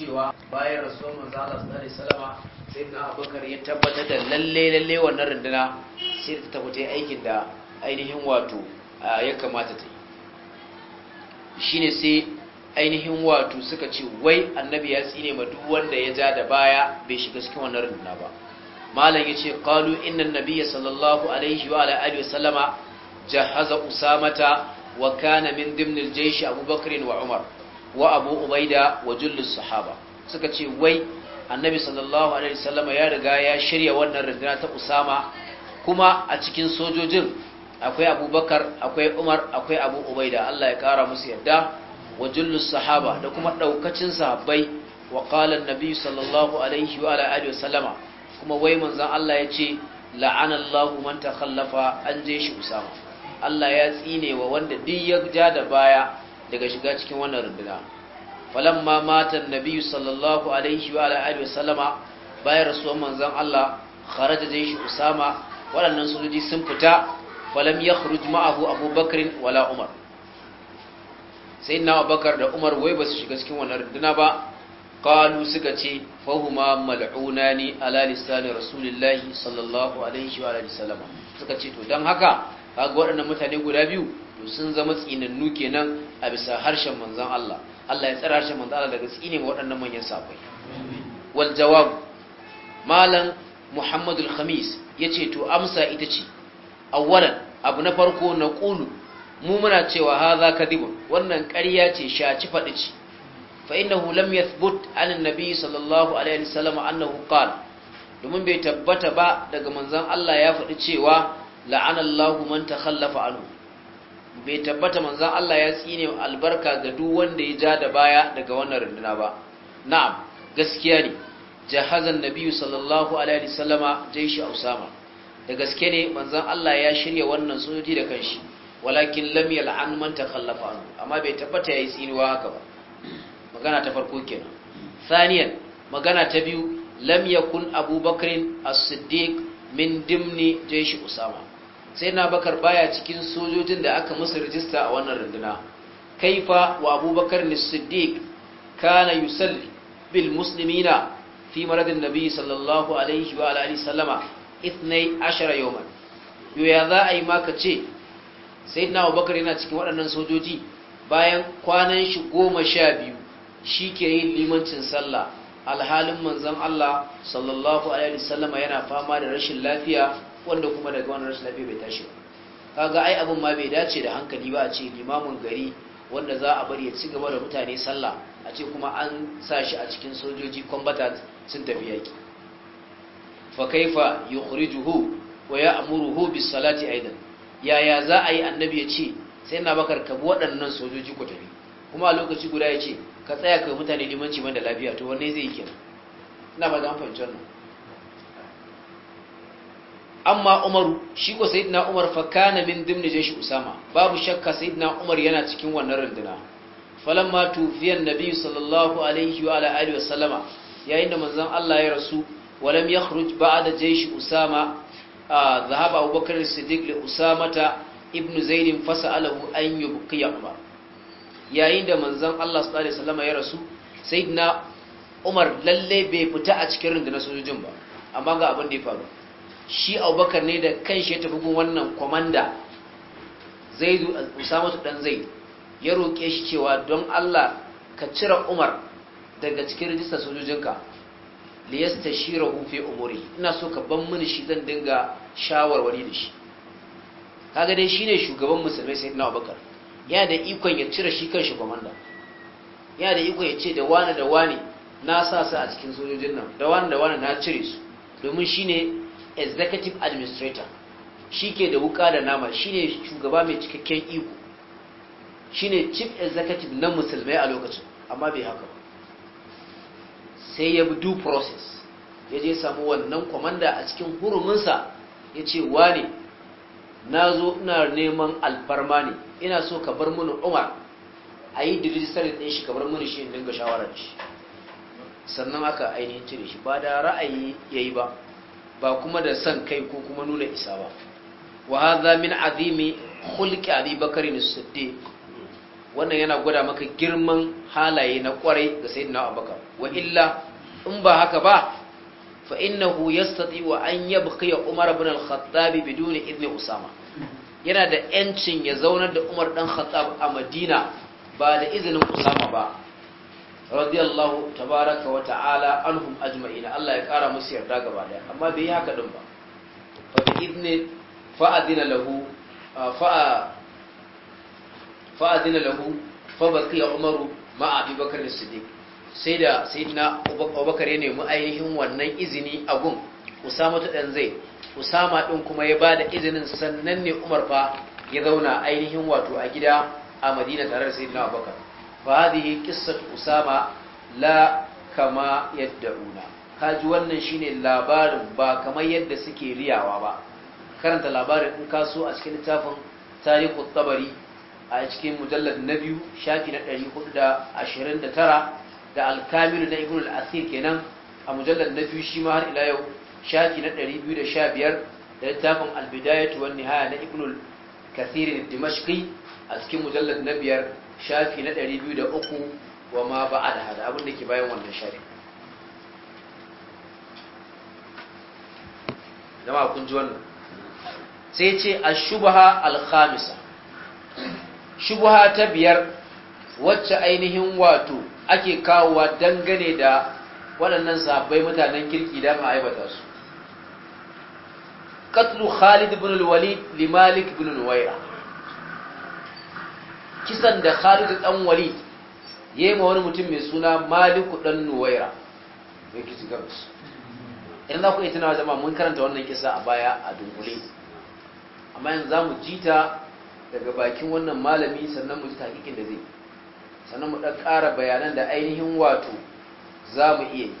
cewa bayan rasuwar manzala Allah sallallahu alaihi wasallam sai na Abubakar ya tabbatar da lalle lalle wannan runduna sai ta tafi ta aikin da ainihin wato ya kamata ta yi shine sai ainihin wato suka ce wai annabi ya tsine ma duk wanda ya ja da baya bai shiga cikin wannan runduna ba malam yace qalu inna nabiyya sallallahu alaihi wa ala alihi wasallama jahaza usamata wa kana min dimnil jaysh abubakar wa umar wa abu ubaida wa jullus sahaba suka ce wai annabi sallallahu alaihi wasallam ya riga ya shirya wannan rundunar ta usama kuma a cikin sojojin akwai abubakar akwai umar akwai abu ubaida allah ya kara musu yadda wa jullus sahaba da kuma daukacin sahabbai wa qala annabi sallallahu alaihi wa alihi wasallama kuma wai manzon allah ya ce la'anallahu man takhallafa an je shi usama allah ya tsine wa wanda duk ya ja da baya daga shiga cikin wannan runduna falamma mata nabi sallallahu alaihi wa alihi wasallama bayan rasuwan manzon Allah kharaja shi usama waɗannan sojoji sun fita falam yakhruj ma'ahu abubakar wala umar sayyidina abubakar da umar wai ba su shiga cikin wannan runduna ba qalu suka ce fahuma mal'unani ala lisani rasulillahi sallallahu alaihi wa alihi wasallama suka ce to dan haka kaga waɗannan mutane guda biyu to sun zama tsinannu kenan a bisa harshen manzon Allah Allah ya tsara harshen manzon Allah daga tsinin waɗannan manyan safai wal jawab malam Muhammadul Khamis yace to amsa ita ce awwalan abu na farko na qulu mu muna cewa hadha kadibun wannan ƙarya ce shaci faɗi ce fa innahu lam yathbut an annabi sallallahu alaihi wasallam annahu qala domin bai tabbata ba daga manzon Allah ya faɗi cewa la'anallahu man takhallafa anhu bai tabbata manzan Allah ya tsine albarka ga duk wanda ya ja da baya daga wannan runduna ba na'am gaskiya ne jahazan nabiyyu sallallahu alaihi wasallama jaishi ausama. da gaske ne manzan Allah ya shirya wannan sojoji da kanshi walakin lam yal'an man takhallafa hannu. amma bai tabbata yayi tsinuwa haka ba magana ta farko kenan Saniyan, magana ta biyu lam yakun abubakar as-siddiq min dimni jaishi usama sai na bakar baya cikin sojojin da aka musu rijista a wannan runduna kaifa wa abubakar ni siddiq kana yusalli bil muslimina fi maradin nabi sallallahu alaihi wa alihi sallama ithnai ashara yawman yo ya za a yi maka ce sayyidina abubakar yana cikin waɗannan sojoji bayan kwanan shi goma sha biyu shi ke yin limancin sallah alhalin manzon Allah sallallahu alaihi sallama yana fama da rashin lafiya wanda kuma daga wani rashin lafiya bai tashi ba kaga ai abin ma bai dace da hankali ba a ce limamin gari wanda za a bari ya ci gaba da mutane sallah a ce kuma an sa shi a cikin sojoji combatant sun tafi yaki fa kaifa yukhrijuhu wa ya'muruhu bis salati aidan yaya za a yi annabi ya ce sai na bakar ka waɗannan sojoji ku tafi kuma a lokaci guda ya ce ka tsaya ka mutane limanci man da lafiya to wanne zai yi kenan ina ba da an wannan amma umaru shi ko sayyidina umar fa kana min dimni jeshi usama babu shakka sayyidina umar yana cikin wannan runduna falamma tufiyan annabi sallallahu alaihi wa alihi wa sallama yayin da manzon Allah ya rasu walam yakhruj ba'da jeshi usama da أبو بكر Usamata, لأسامة ابن زيد فسأله أن يبقي عمر yayin da manzon Allah sallallahu alaihi wasallam ya rasu sayyidina Umar lalle bai fita a cikin rundunar sojojin ba amma ga abin da ya faru shi abubakar ne da kanshi ya tafi gun wannan a usama su dan zai ya roƙe shi cewa don Allah ka cire umar daga cikin rijistar sojojinka liyasta shi rahufe umuri ina so ka ban mini shi zan dinga shawarwari da shi kaga dai shine shugaban musulmai sai na abubakar yana da ikon ya cire shi kanshi kwamanda yana da ikon ya ce da wani da wani na sa su a cikin sojojin nan da wani da wani na cire su domin shine executive administrator shi ke da wuka da nama shi ne shugaba mai cikakken iko shi ne chief executive na musulmai a lokacin amma bai haka ba sai ya bi due process ya je samu wannan kwamanda a cikin huruminsa ya ce ne na zo ina neman alfarma ne ina so ka bar mini umar a yi rijistar ɗin shi ka bar mini shi in dinga shawarar sannan aka ainihin cire shi ba da ra'ayi ya yi ba ba kuma da san kai ko kuma nuna isa ba wa hadha min azimi khulqi abi bakr as-siddiq wannan yana gwada maka girman halaye na kwarai ga sayyidina abubakar wa illa in ba haka ba fa innahu wa an yabqi umar ibn al-khattab bidun idni usama yana da yancin ya zauna da umar dan khattab a madina ba da izinin usama ba radiyallahu tabaraka wa ta'ala anhum ajma'ina Allah ya kara musu yarda gaba daya amma bai yi haka din ba fa bi idni fa'adina lahu fa'a fa'adina lahu fa baqiya umaru ma abi bakar siddiq sai da sayyidina abubakar ya nemi ainihin wannan izini a gun usama ta dan zai usama din kuma ya bada izinin sannan ne umar fa ya zauna ainihin wato a gida a madina tare da sayyidina abubakar فهذه قصة أسامة لا كما يدعون kaji wannan shine labarin ba kamar yadda suke riyawa ba karanta labarin in kaso a cikin littafin tarihu tabari a cikin mujallar na biyu shafi na 429 da alkamilu na ibn al-asir kenan a mujallar na biyu shi ma har ila yau shafi na 215 da littafin al-bidayatu wan nihaya na ibn al-kathir al-dimashqi a cikin mujallar na biyar shafi na 203 wa ma da hada abinda ke bayan wannan shafi zama kun ji wannan sai ce a shubaha alhamisa Shubaha ta biyar wacce ainihin wato ake kawowa dangane da waɗannan sabai mutanen kirki da ma aibata su katlu khalid ibn al-walid li malik ibn al-waira kisan da Khalid dan Walid yayi ma wani mutum mai suna Maliku dan Nuwaira mai kisi gabas idan za ku yi tunawa jama'a mun karanta wannan kisa a baya a dunkule amma yanzu za mu ji ta daga bakin wannan malami sannan mu ji hakikin da zai sannan mu ɗan ƙara bayanan da ainihin wato za mu iya yi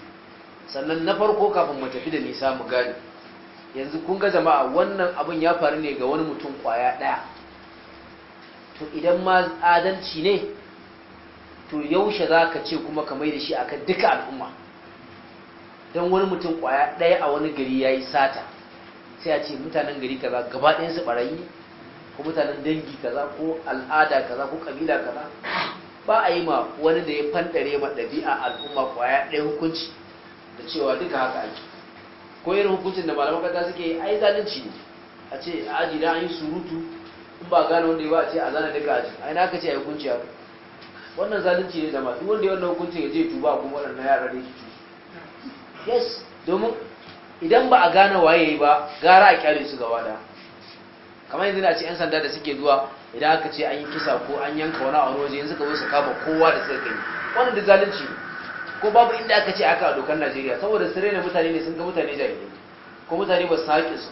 sannan na farko kafin mu tafi da nisa mu gane yanzu kun ga jama'a wannan abun ya faru ne ga wani mutum kwaya ɗaya to idan ma adalci ne to yaushe za ka ce kuma ka mai da shi akan duka al'umma don wani mutum kwaya ɗaya a wani gari ya yi sata sai a ce mutanen gari kaza gaba su ɓarayi ko mutanen dangi kaza ko al'ada kaza ko ƙabila kaza ba a yi ma wani da ya fantare ma ɗabi'a al'umma kwaya ɗaya hukunci da cewa duka haka ake ko irin hukuncin da malaman kata suke ai zalunci ne a ce a aji da an yi surutu ba gane wanda ya ba a ce a zana duka a a ina ka ce a yi hukunci haka wannan zalunci ne zama duk wanda ya wannan hukuncin ya je tuba kuma waɗannan yara da yake yes domin idan ba a gane waye ba gara a kyale su ga wada kamar yanzu na ce yan sanda da suke zuwa idan aka ce an yi kisa ko an yanka wani a waje yanzu ka su kama kowa da suka kai wannan da zalunci ne ko babu inda aka ce aka a dokar Najeriya saboda su rena mutane ne sun ga mutane jahilai ko mutane ba su haƙe su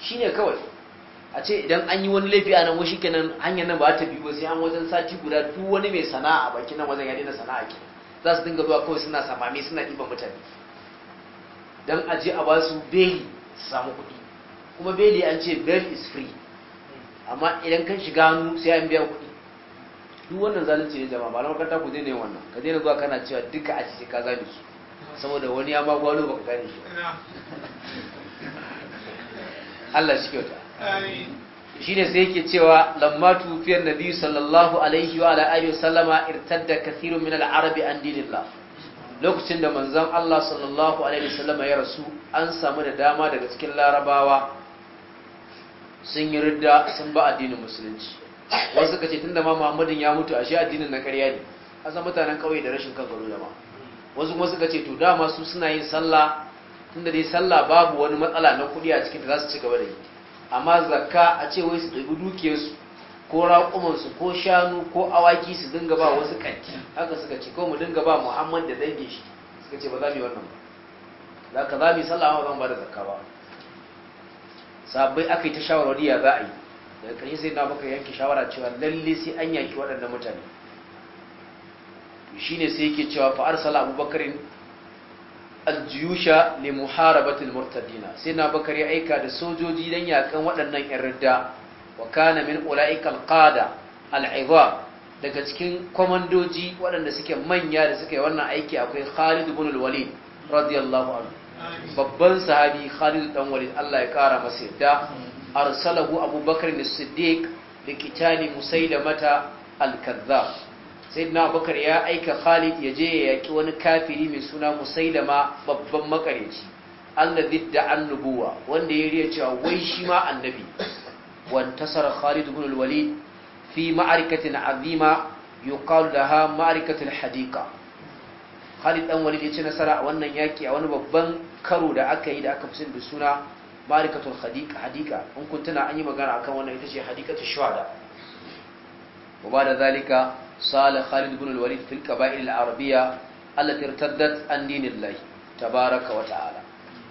shine kawai a ce idan an yi wani laifi a nan wasu kenan hanyar nan ba ta biyu ba sai an wajen sati guda duk wani mai sana'a a baki nan wajen yadda na sana'a ke za su dinga zuwa kawai suna samami suna ɗiban mutane don a je a ba su beli su samu kuɗi kuma beli an ce bel is free amma idan kan shiga hannu sai an biya kuɗi duk wannan zalunci ne jama'a ba na makaranta ku daina wannan ka daina zuwa kana cewa duka a cikin ka zame su saboda wani ya ma gwalo ba ka gane shi Allah shi kyauta shi ne sai yake cewa lamma tufiyar nabi sallallahu alaihi wa ala'ari wa sallama irtadda kathirun min al'arabi an dinillah lokacin da manzan Allah sallallahu alaihi wa sallama ya rasu an samu da dama daga cikin larabawa sun yi ridda sun ba addinin musulunci wasu kace tunda ma muhammadin ya mutu a shi addinin na karya ne a san mutanen kauye da rashin kan garo jama wasu kuma suka ce to dama su suna yin sallah tunda dai sallah babu wani matsala na kudi a cikin da za su ci gaba da yi amma zakka a ce wai su ɗabi dukiyarsu ko raƙumansu ko shanu ko awaki su dinga ba wasu kanti haka suka ce ko mu dinga ba muhammad da dangin shi suka ce ba za mu yi wannan ba za ka za mu yi sallah ba zan ba da zakka ba sabai aka yi ta shawarwari ya za a yi daga ƙarshe sai na baka yanke shawara cewa lalle sai an yaki waɗannan mutane shi ne sai yake cewa fa'ar sala abubakarin aljiyusha li muharabatul murtadina sai na bakar ya aika da sojoji dan yakan waɗannan yan ridda wa kana min ulaika alqada al'izam daga cikin komandoji waɗanda suke manya da suka yi wannan aiki akwai Khalid ibn walid radiyallahu anhu babban sahabi Khalid dan Walid Allah ya kara masa yadda arsalahu Abu Bakr as-Siddiq liqitani Musailamata al-Kadhdhab sayyidina abubakar ya aika khalid ya je ya yaki wani kafiri mai suna musailama babban makareci allazi da annubuwa wanda ya riya cewa wai shi ma annabi wan tasara khalid ibn al-walid fi ma'arikatin azima yuqalu laha ma'arikatul hadiqa Khalid dan Walid ya ci nasara a wannan yaki a wani babban karo da aka yi da aka fi da suna Marikatul hadika. Hadiqa in kun tuna an yi magana akan wannan ita ce Hadiqatul Shuhada wa ba da zalika Sale, Khalid ibn al-Walid fil kaba'ir ta arabiyya allati irtaddat an dinillah tabaaraka wa ta'ala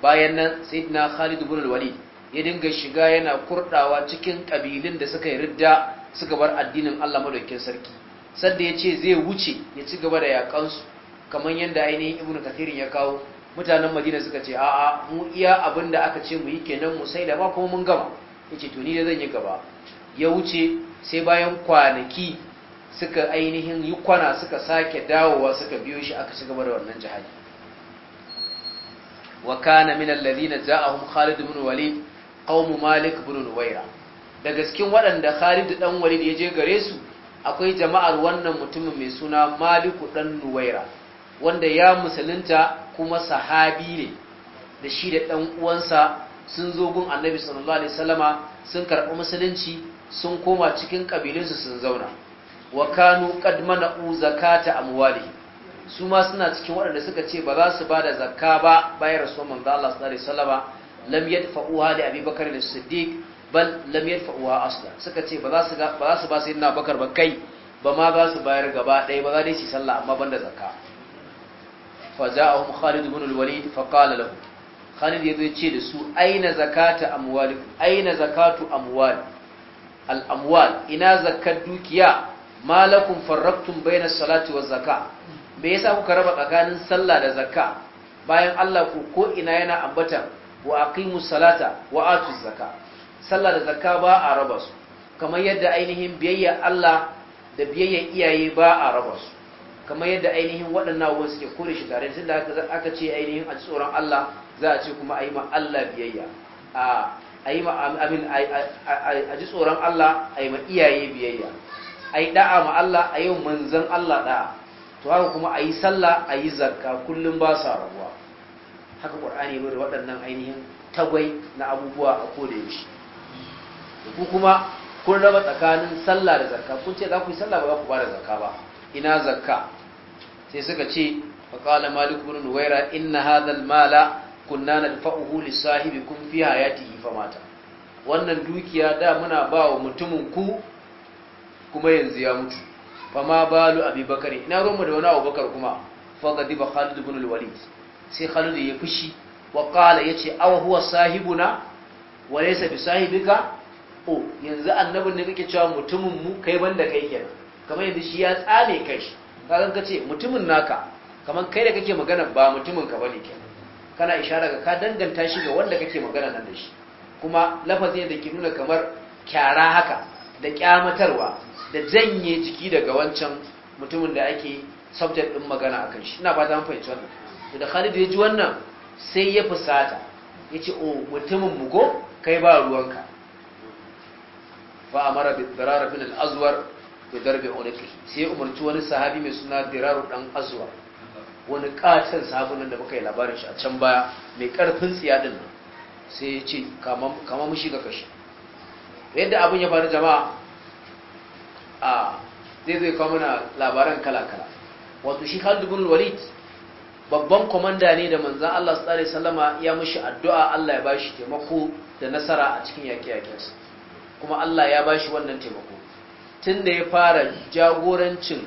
bayan nan sayyidina Khalid ibn ya dinga shiga yana kurɗawa cikin kabilun da suka yi ridda suka bar addinin Allah madaukakin sarki sanda ya ce zai wuce ya ci gaba da yakansu kamar yadda ainihin Ibn Kathirin ya kawo mutanen Madina suka ce a'a mu iya abinda aka ce mu yi kenan mu sai da ba kuma mun gama yace to ni da zan yi gaba ya wuce sai bayan kwanaki suka ainihin yi kwana suka sake dawowa suka biyo shi aka ci gaba da wannan jihadi wa kana min alladhina ja'ahum Khalid ibn Walid qaum Malik ibn nuwayra daga cikin waɗanda Khalid dan Walid ya je gare su akwai jama'ar wannan mutumin mai suna Malik dan Nuwaira wanda ya musulunta kuma sahabi ne da shi da dan uwansa sun zo gun Annabi sallallahu alaihi wasallama sun karɓi musulunci sun koma cikin kabilinsu sun zauna wa kanu qad mana'u zakata amwali su ma suna cikin waɗanda suka ce ba za su ba da zakka ba bayan rasuwan manzo Allah sallallahu alaihi wasallama lam yadfa'uha li Abi Bakar as-Siddiq bal lam yadfa'uha aslan suka ce ba za su ba za su ba sayyidina Bakar ba kai ba ma za su bayar gaba ɗaya ba za dai su sallah amma banda zakka fa ja'ahum Khalid ibn al-Walid fa qala lahu Khalid yazo ce da su aina zakata amwalikum aina zakatu amwal al-amwal ina zakkar dukiya malakum farraktun bayna salati wa zakat me yasa kuka raba tsakanin sallah da zakka bayan Allah ku ko ina yana ambata wa aqimus salata wa atuz zakat sallah da zakka ba a raba su kamar yadda ainihin biyayya Allah da biyayya iyaye ba a raba su kamar yadda ainihin waɗannan wasu ke kore shi tare tunda haka aka ce ainihin a tsoron Allah za a ce kuma a yi ma Allah biyayya a yi ma amin a ji tsoron Allah a yi ma iyaye biyayya a yi da'a ma Allah a yau manzan Allah da'a to haka kuma a yi sallah a yi zakka kullum ba sa rabuwa haka ƙwar'ani bai da waɗannan ainihin tagwai na abubuwa a koda yaushe ku kuma kun raba tsakanin sallah da zakka kun ce za ku yi sallah ba za ku ba da zakka ba ina zakka sai suka ce fa qala malik ibn nuwaira inna hadha al-mala kunna nadfa'uhu li sahibikum fi hayatihi famata wannan dukiya da muna ba wa mutumin ku kuma yanzu ya mutu fama balu abi bakari ina Roma da wani abubakar kuma faga diba khalid ibn al-walid sai khalid ya fushi wa qala yace aw huwa sahibuna wa laysa bi sahibika o yanzu annabin ne kake cewa mutumin mu kai banda kai kenan kamar yanzu shi ya tsame kai kaga kace mutumin naka kamar kai da kake magana ba mutumin ka bane kenan kana ishara ga ka danganta shi ga wanda kake magana nan da shi kuma lafazin da ke nuna kamar kyara haka da kyamatarwa da janye jiki daga wancan mutumin da ake subject din magana akan shi ina fata an fahimci wannan to da Khalid ya ji wannan sai ya fusata yace o oh, mutumin mu ko kai ba ruwanka fa amara bi dirar bin al-azwar bi darbi ulqi sai umarci wani sahabi mai suna dirar dan azwar wani katon sabunan da muka yi labarin shi a can baya mai karfin tsiya din nan sai ya ce kama mushi ga kashi yadda abin ya faru jama'a A'a, zai zai kawo mana labaran kala-kala wato shi Khalid bin Walid babban komanda ne da manzan Allah su tsari salama ya mushi addu'a Allah ya ba shi taimako da nasara a cikin yaƙe-yaƙensa kuma Allah ya ba shi wannan taimako Tun da ya fara jagorancin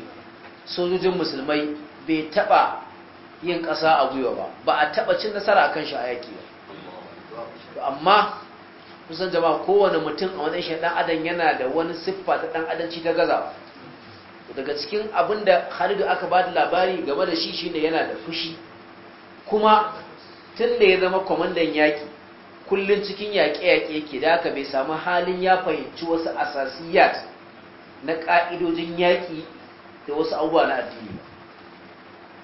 sojojin musulmai bai taɓa yin ƙasa a gwiwa ba ba a taɓa cin nasara a kan shi a yaƙi ba amma kusan jama'a kowane mutum a wani shi dan adam yana da wani siffa ta dan adalci ta gaza daga cikin abin da Khalidu aka ba da labari game da shi shine yana da fushi kuma tun da ya zama kwamandan yaƙi kullum cikin yaƙe-yaƙe yake da aka bai sami halin ya fahimci wasu asasiyat na ƙa'idojin yaƙi da wasu abubuwa na addini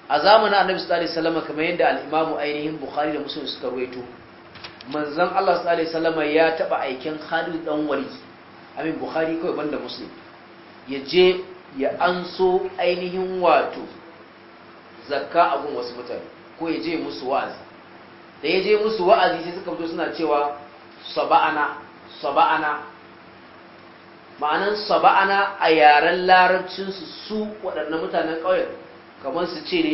a zamanin annabi sallallahu alaihi wasallam kamar yadda al-imamu ainihin bukhari da muslim suka rawaito Manzan Allah sallallahu alaihi ya taba aikin Khalid dan Walid amin Bukhari kawai banda Muslim ya je ya anso ainihin wato zakka abun wasu mutane ko ya je musu wa'azi da ya je musu wa'azi sai suka fito suna cewa saba'ana saba'ana ma'anan saba'ana a yaren larabcinsu su waɗannan mutanen ƙauyen kamar su ce ne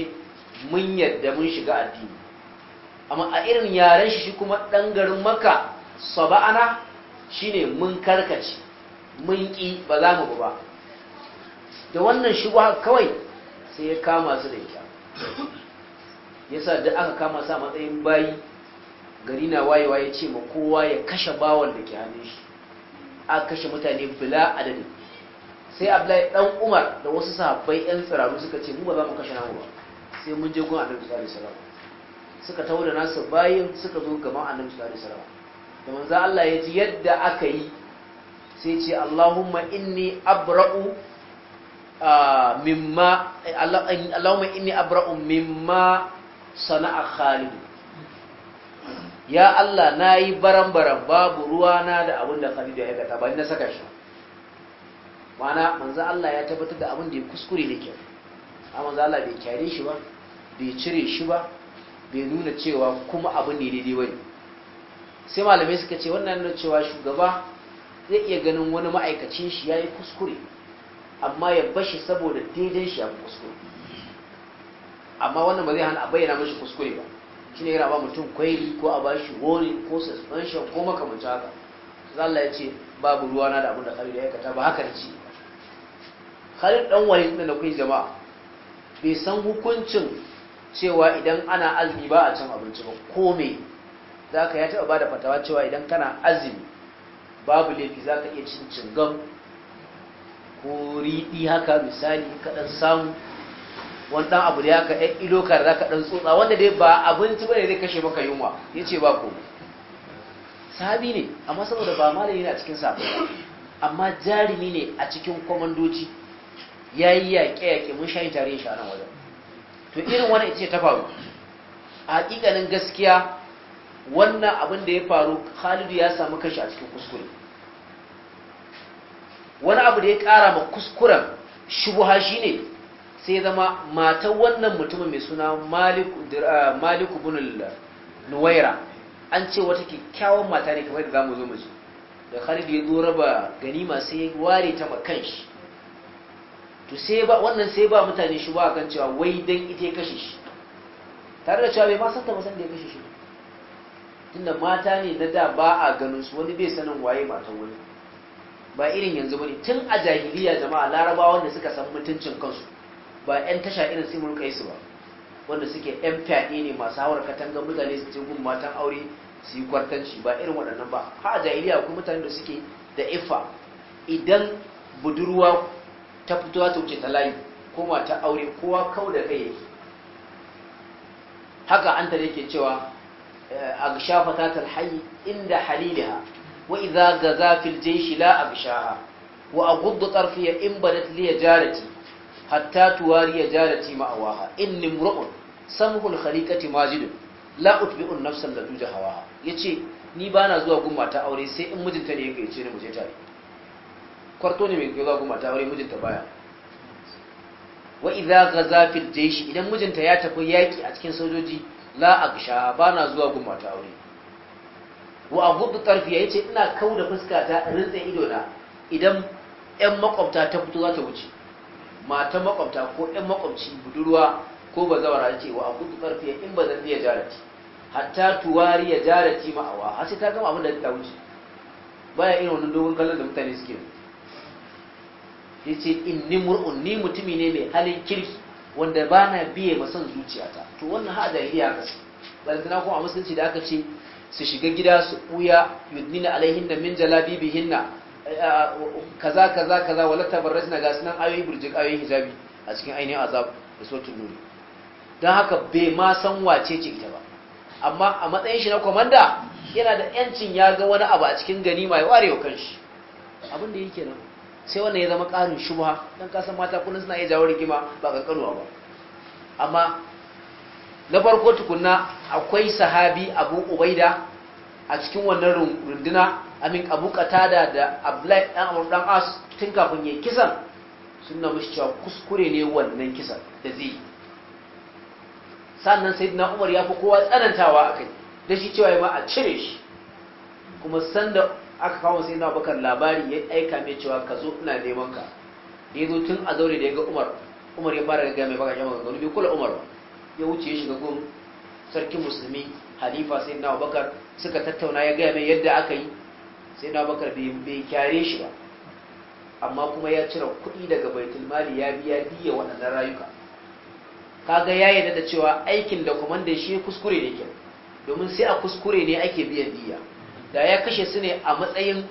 mun yadda mun shiga addini amma a irin yaren shi kuma ɗan garin maka saba'ana shine mun karkace mun ƙi ba za mu ba da wannan haka kawai sai ya kama su da ita yasa da aka kama sa matsayin bayi gari na wayewa ya ce ma kowa ya kashe bawan da ke hannun shi a kashe mutane bila adadi sai abdullahi dan umar da wasu sahabbai yan tsiraru suka ce mu ba za mu kashe namu ba sai mun je gun annabi sallallahu alaihi wasallam suka taho da nasu bayin suka zo gaban annabi sallallahu alaihi wasallam da manzo Allah ya ji yadda aka yi sai ce Allahumma inni abra'u mimma Allahumma inni abra'u mimma sana'a Khalid ya Allah nayi baran-baran babu na da abin da Khalid ya aikata ba ni na saka shi mana manzo Allah ya tabbatar da abin da ya kuskure ne kyau amma manzo Allah bai kyare shi ba bai cire shi ba bai nuna cewa kuma abin ne daidai wani sai malamai suka ce wannan nuna cewa shugaba zai iya ganin wani ma'aikacin shi yi kuskure amma ya bashi saboda daidai shi ya kuskure amma wannan ba zai hana a bayyana mashi kuskure ba shine yana ba mutum kwairi ko a bashi wani ko suspension ko makamancin haka ya ce babu ruwa na da abin da kabi da ba haka ce Khalid dan Walid da kai jama'a bai san hukuncin cewa idan ana azumi ba a cin abinci ba ko me za ka ya taɓa ba da fatawa cewa idan kana azumi babu laifi za ka iya cin cingam ko riɗi haka misali ka ɗan samu wani ɗan abu da ya ka ɗan ilokar za ka ɗan tsotsa wanda dai ba abinci ba ne zai kashe maka yunwa ya ce ba komai sabi ne amma saboda ba malami ne a cikin sabi amma jarumi ne a cikin kwamandoci ya yi yaƙe-yaƙe mun shayin tarihin shi a nan wajen to irin wani ce ta faru a hakikanin gaskiya wannan abin da ya faru Khalidu ya samu kashi a cikin kuskure wani abu da ya ƙara ma kuskuren shubuha ne, sai zama matan wannan mutumin mai suna Maliku bin Nuwaira an ce wata kyakkyawan mata ne kamar da zamu zo mace da khalidu ya zo raba ganima sai ya ware ta makanshi shi to sai ba wannan sai ba mutane shi ba kan cewa wai dan ite kashe shi tare da cewa bai ma san ta ba san da ya kashe shi tunda mata ne na da ba a ganin su wani bai sanin waye matan wani ba irin yanzu bane tun a jahiliya jama'a larabawa wanda suka san mutuncin kansu ba ƴan tasha irin sai mun kai su ba wanda suke ƴan fyaɗe ne masu hawar katangar mutane su ce gun matan aure su yi kwartanci ba irin waɗannan ba ha a jahiliya akwai mutane da suke da ifa idan budurwa ta fito ta wuce ta layi kuma ta aure kowa kau da kai yake haka an tare yake cewa eh, agsha ta hayy inda haliliha wa ga gaza fil jayshi la agshaha wa a karfi ya in badat ya jarati hatta tuwari jarati ma'awaha in mru'un samhul halikati majidun la nafsan an-nafsa hawa. Ya ce ni bana zuwa gumma ta aure sai in mijinta ne ya gaice ni mu je tare kwarto ne mai zuwa kuma ta aure mijinta baya wa idza gaza fil jaysh idan mijinta ya tafi yaki a cikin sojoji la aksha bana zuwa kuma ta aure wa aghuddu tarfi yace ina kauda fuska ta rintsa ido na idan ƴan makwabta ta fito za ta wuce mata makwabta ko ƴan makwabci budurwa ko bazawara yace wa aghuddu tarfi in bazan iya jarati hatta tuwari ya jarati ma'awa har sai ta gama abin da ta wuce baya irin wannan dogon kallon da mutane suke yi yace inni mur'un ni mutumi ne mai halin kirki wanda bana biye masan zuciyata to wannan ha jahiliya Ba balantana ko a musulunci da aka ce su shiga gida su buya yudnina da min jalabibihinna kaza kaza kaza wala tabarrajna ga sunan ayoyi burjik ayoyi hijabi a cikin ainihin azab da sautin nuri don haka bai ma san wace ce ita ba amma a matsayin shi na komanda yana da yancin ya ga wani abu a cikin gani mai warewa kanshi abin da yake nan sai wannan ya zama ƙarin shubha don kasan mata kullum suna iya jawo rigima ba kankanuwa ba amma na farko tukunna akwai sahabi abu ubaida a cikin wannan runduna amin abu katada da abdullahi dan amur dan as tun kafin ya kisan sunna mushi cewa kuskure ne wannan kisan da zai sannan sayyidina umar ya fi kowa tsanantawa akai, da shi cewa ya ba a cire shi kuma sanda aka kawo sai na bakar labari ya aika mai cewa ka zo ina neman ka da ya zo tun a zaure da ya ga umar umar ya fara gaggaya mai bakakken gano bai kula umar ya wuce ya shiga gun sarkin musulmi halifa sai na bakar suka tattauna ya gaya mai yadda aka yi sai na bakar bai kyare shi ba amma kuma ya cire kuɗi daga baitul mali ya biya diya waɗannan rayuka ga ya yarda da cewa aikin da da shi kuskure ne ke domin sai a kuskure ne ake biyan diya da ya kashe su ne a matsayin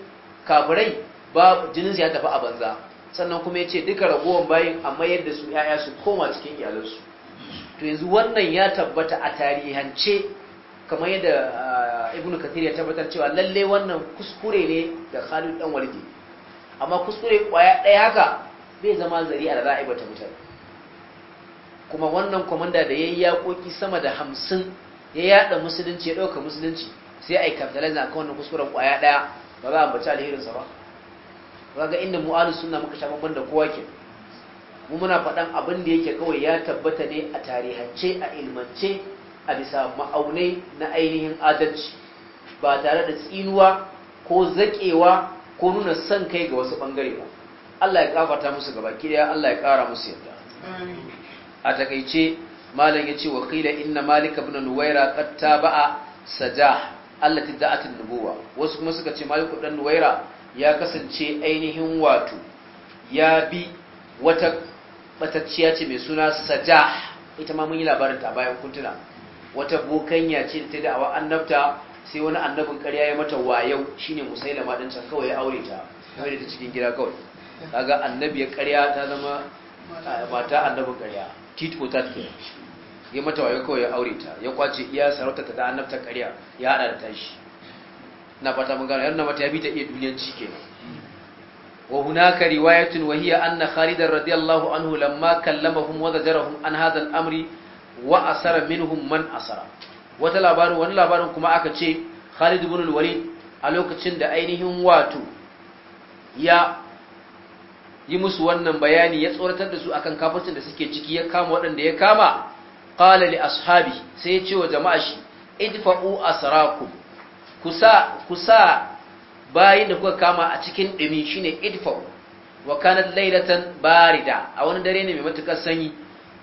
kafirai ba jininsu ya tafi a banza sannan kuma ya ce duka ragowar bayin mayar da su ‘ya'ya su koma cikin iyalansu to yanzu wannan ya tabbata a tarihance kamar yadda ah, ibn kathir ya tabbatar cewa lalle wannan kuskure ne da khalid dan walidi amma kuskure kwaya ɗaya haka bai zama zari a da ra'ayi ta mutane kuma wannan komanda da yayi yakoki sama da hamsin ya yada musulunci ya dauka musulunci sai ai capitalizing akan wannan kuskuren kwaya daya ba za a bace alherin sa ba kaga inda mu ahlus sunna muka shafa banda kowa ke mu muna faɗan abin da yake kawai ya tabbata ne a tarihance a ilmance a bisa ma'aunai na ainihin adalci ba tare da tsinuwa ko zakewa ko nuna son kai ga wasu bangare ba Allah ya kafata musu gaba kiriya Allah ya kara musu yadda a takaice malam ya ce wakila inna malika ibn nuwaira qad taba'a sajah allati da'atin nubuwa wasu kuma suka ce maliku dan nuwaira ya kasance ainihin wato ya bi wata batacciya ce mai suna sajah ita ma mun yi labarin ta bayan kuntuna wata bokanya ce ta da da'awa annabta sai wani annabin ƙarya ya mata wayau shine musailama dan can kawai ya aure ta kawai da cikin gida kawai kaga annabi ya ƙarya ta zama mata annabin ƙarya tit for tat ya mata wayo kawai ya aure ta ya kwace iya sarauta ta da annabta ƙarya ya hada da tashi na fata mun gano yana mata ya bi ta iya duniyanci kenan wa hunaka riwayatun wa hiya anna Khalid radiyallahu anhu lamma kallamahum wa zajarahum an hadha al-amri wa asara minhum man asara wata labarin wani labarin kuma aka ce Khalid ibn al-Walid a lokacin da ainihin wato ya yi musu wannan bayani ya tsoratar da su akan kafircin da suke ciki ya kama waɗanda ya kama qala li ashabi sai ya ce wa jama'a shi idfa'u asrakum kusa kusa bayin da kuka kama a cikin dumi shine idfa'u wa kanat laylatan barida a wani dare ne mai matukar sanyi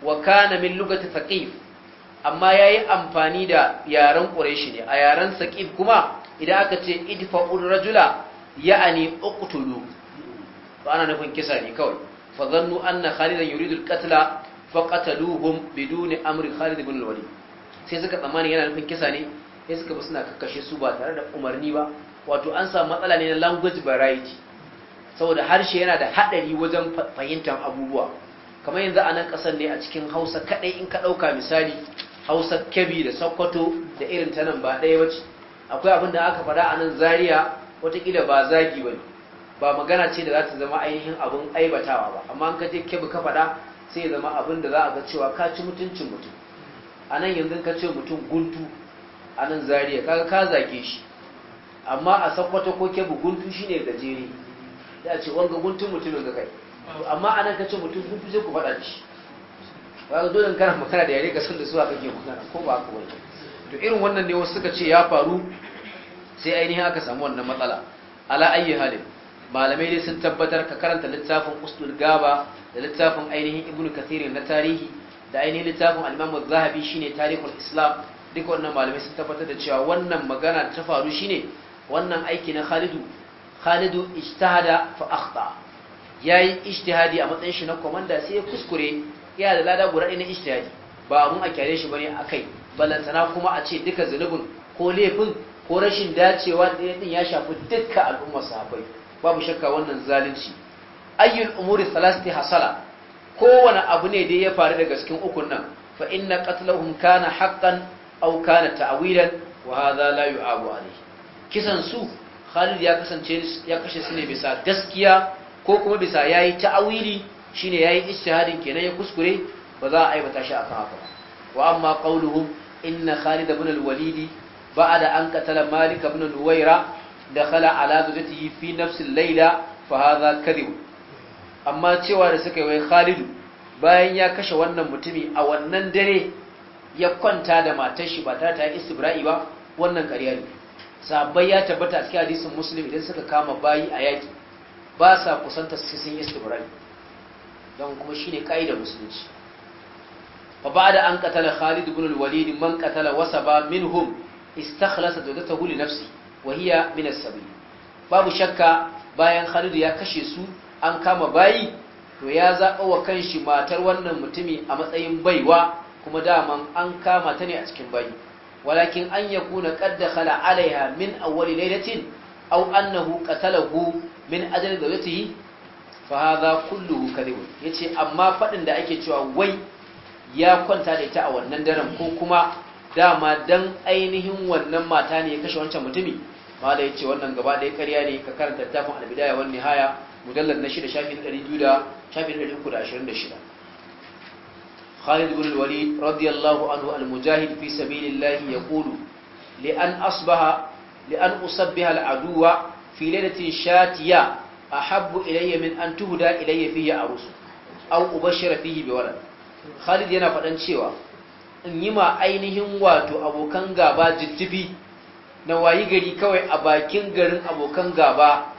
wa kana min lugati thaqif amma yayi amfani da yaren quraishi ne a yaren saqif kuma idan aka ce idfa'u rajula ya'ani uqtulu ba ana nufin kisa ne kawai fa zannu anna khalidan yuridu al-qatla faqataluhum biduni amri Khalid ibn al-Walid sai suka tsamani yana nufin kisa ne sai suka suna kakkashe su ba tare da umarni ba wato an samu matsala ne na language variety saboda harshe yana da hadari wajen fahimtar abubuwa kamar yanzu a nan kasar ne a cikin Hausa kadai in ka dauka misali Hausa Kebbi da Sokoto da irin ta nan ba ɗaya ba ce. akwai abin da aka faɗa a nan Zaria watakila ba zagi ba magana ce da za ta zama ainihin abun aibatawa ba amma an ka je Kebbi ka faɗa sai zama abin da za a ga cewa ka ci mutuncin mutum a nan yanzu ka ce mutum guntu a nan zariya kaga ka zage shi amma a sakwata ko kebu guntu shine gajere ya ce wanga guntun mutumin ga kai amma a nan ka ce mutum guntu zai ku faɗa da shi ba dole kana magana da yare ka san da suwa kake magana ko ba ka wani to irin wannan ne wasu suka ce ya faru sai ainihin aka samu wannan matsala ala ayyi halin malamai dai sun tabbatar ka karanta littafin usul gaba da littafin ainihin ibnu Kathirin na tarihi da ainihin littafin al-imam az-zahabi shine tarihul islam duka wannan malamai sun tabbatar da cewa wannan magana ta faru shine wannan aiki na Khalidu Khalidu ijtahada fa akhta yayi ijtihadi a matsayin shi na commander sai ya kuskure ya da lada gura ina ijtihadi ba mun a kyale shi bane akai balantana kuma a ce duka zunubin ko laifin ko rashin dacewa da ya shafi dukkan al'ummar sahabbai babu shakka wannan zalunci ayyul umuri salasti hasala kowane abu ne da ya faru daga cikin ukun nan fa inna qatlahum kana haqqan aw kana ta'wilan wa hadha la yu'abu alayhi kisan su Khalid ya kasance ya kashe su ne bisa gaskiya ko kuma bisa yayi ta'wili shine yayi ijtihadin kenan ya kuskure ba za a aibata shi akan haka wa amma qawluhum inna Khalid ibn al-Walid ba'da an qatala Malik ibn Nuwayra dakhala ala zawjatihi fi nafs al-layla fa hadha kadhib amma cewa da suka yi wai khalidu bayan ya kashe wannan mutumi a wannan dare ya kwanta da matar shi ba ta ta istibra'i ba wannan ƙarya ne sabai ya tabbata a cikin hadisin musulmi idan suka kama bayi a yaki ba sa kusanta su sun istibra'i don kuma shine kaidar musulunci fa ba'da an qatala Khalid ibn al-Walid man qatala wasaba minhum istakhlasa dawlatahu li nafsi wa hiya min as-sabil babu shakka bayan Khalid ya kashe su an kama bayi to ya zaɓa wa kanshi matar wannan mutumi a matsayin baiwa kuma daman an kama ta ne a cikin bayi walakin an ya kuna ƙadda kala alaiha min awwali lailatin au annahu qatalahu min ajli zawjatihi fa hadha kulluhu kadhib yace amma faɗin da ake cewa wai ya kwanta da ita a wannan daren ko kuma dama dan ainihin wannan mata ne ya kashe wancan mutumi ya yace wannan gaba da karya ne ka karanta tafin al-bidaya wan nihaya mujallar na shida shafin 200 shafin 326 Khalid bin Walid radiyallahu anhu al-mujahid fi sabilillah yaqulu li an asbaha li an usabbiha al-aduwa fi lailatin shatiya ahabbu ilayya min an tuhda ilayya fihi arusu aw ubashira fihi biwalad Khalid yana faɗan cewa in yi ma ainihin wato abokan gaba jijjifi na wayi gari kawai a bakin garin abokan gaba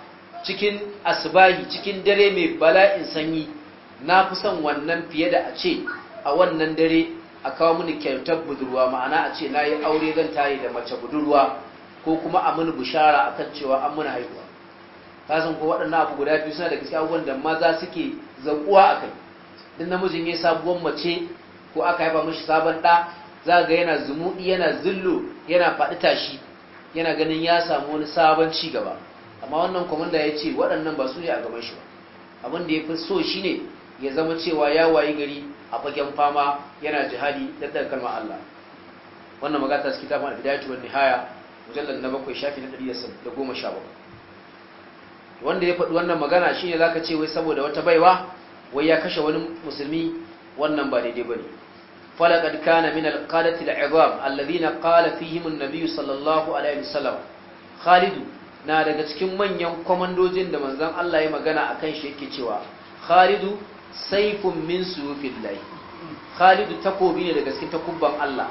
cikin asbahi cikin dare mai bala'in sanyi na fi son wannan fiye da a ce a wannan dare a kawo mini kyautar budurwa ma'ana a ce na yi aure zan tare da mace budurwa ko kuma a mini bishara a kan cewa an muna haihuwa kasan ko waɗannan abu guda biyu suna da gaske abubuwan da maza suke zaƙuwa a kai duk namijin ya sabuwar mace ko aka haifa mashi sabon ɗa za ga yana zumuɗi yana zillo yana faɗi tashi yana ganin ya samu wani sabon ci gaba amma wannan kwamanda ya ce waɗannan ba su ne a gaban shi ba abin da ya fi so shi ne ya zama cewa ya wayi gari a fagen fama yana jihadi da daga kalmar Allah wannan magata su kitabun albidayatu wal nihaya mujallal na bakwai shafi na ɗari da goma bakwai wanda ya faɗi wannan magana za ka ce wai saboda wata baiwa wai ya kashe wani musulmi wannan ba daidai ba ne. falakad kana min alqadati da alladhina qala fihim an-nabiy sallallahu alaihi wasallam khalidu na daga cikin manyan kwamandojin da manzan Allah ya magana a kan shi yake cewa khalidu saifun min sufin lai khalidu takobi ne daga cikin takubban Allah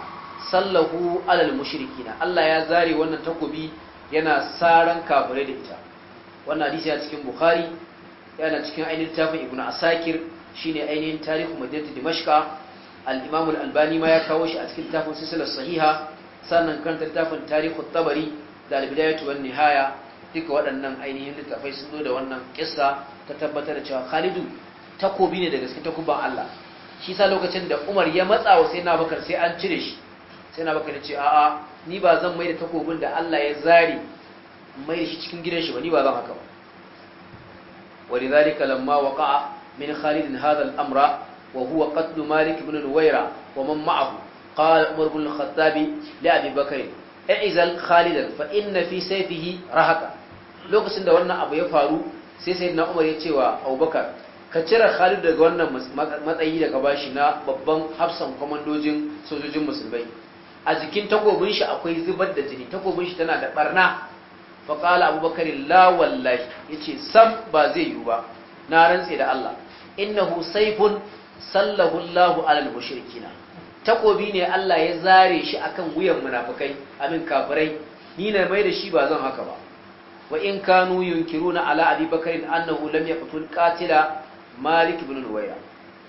sallahu alal mushrikina Allah ya zare wannan takobi yana saran kafirai da ita wannan hadisi a cikin bukhari yana cikin ainihin tafin ibn asakir shine ainihin tarihu madinatu dimashqa al-imam al-albani ma ya kawo shi a cikin tafin silsilar sahiha sannan kan tafin tarihu tabari da al-bidayatu wan nihaya duka waɗannan ainihin littafai sun zo da wannan kissa ta tabbatar da cewa khalidu takobi ne da gaske kubban Allah shi sa lokacin da Umar ya matsa wa sai na bakar sai an cire shi sai na bakar ya ce a'a ni ba zan mai da takobin da Allah ya zari mai da shi cikin gidan shi ba ni ba zan haka ba lamma ولذلك Amra وقع من Malik هذا الأمر وهو قتل مالك بن umar ومن معه قال عمر بن الخطاب fa in اعزل خالدا فإن في سيفه رهقا lokacin da wannan abu ya faru sai sai na umar ya ce wa abubakar ka cire khalid daga wannan matsayi daga bashi na babban hafsan kwamandojin sojojin musulmai a jikin takobin shi akwai zubar da jini takobin shi tana da barna faƙala abubakar la wallahi ya ce sam ba zai yiwu ba na rantse da allah innahu saifun sallahu allahu alal mushrikina takobi ne allah ya zare shi akan wuyan munafukai amin kafirai ni na mai da shi ba zan haka ba wa in kanu yunkiruna ala abi bakarin annahu lam yaqtul qatila malik ibn nuwayra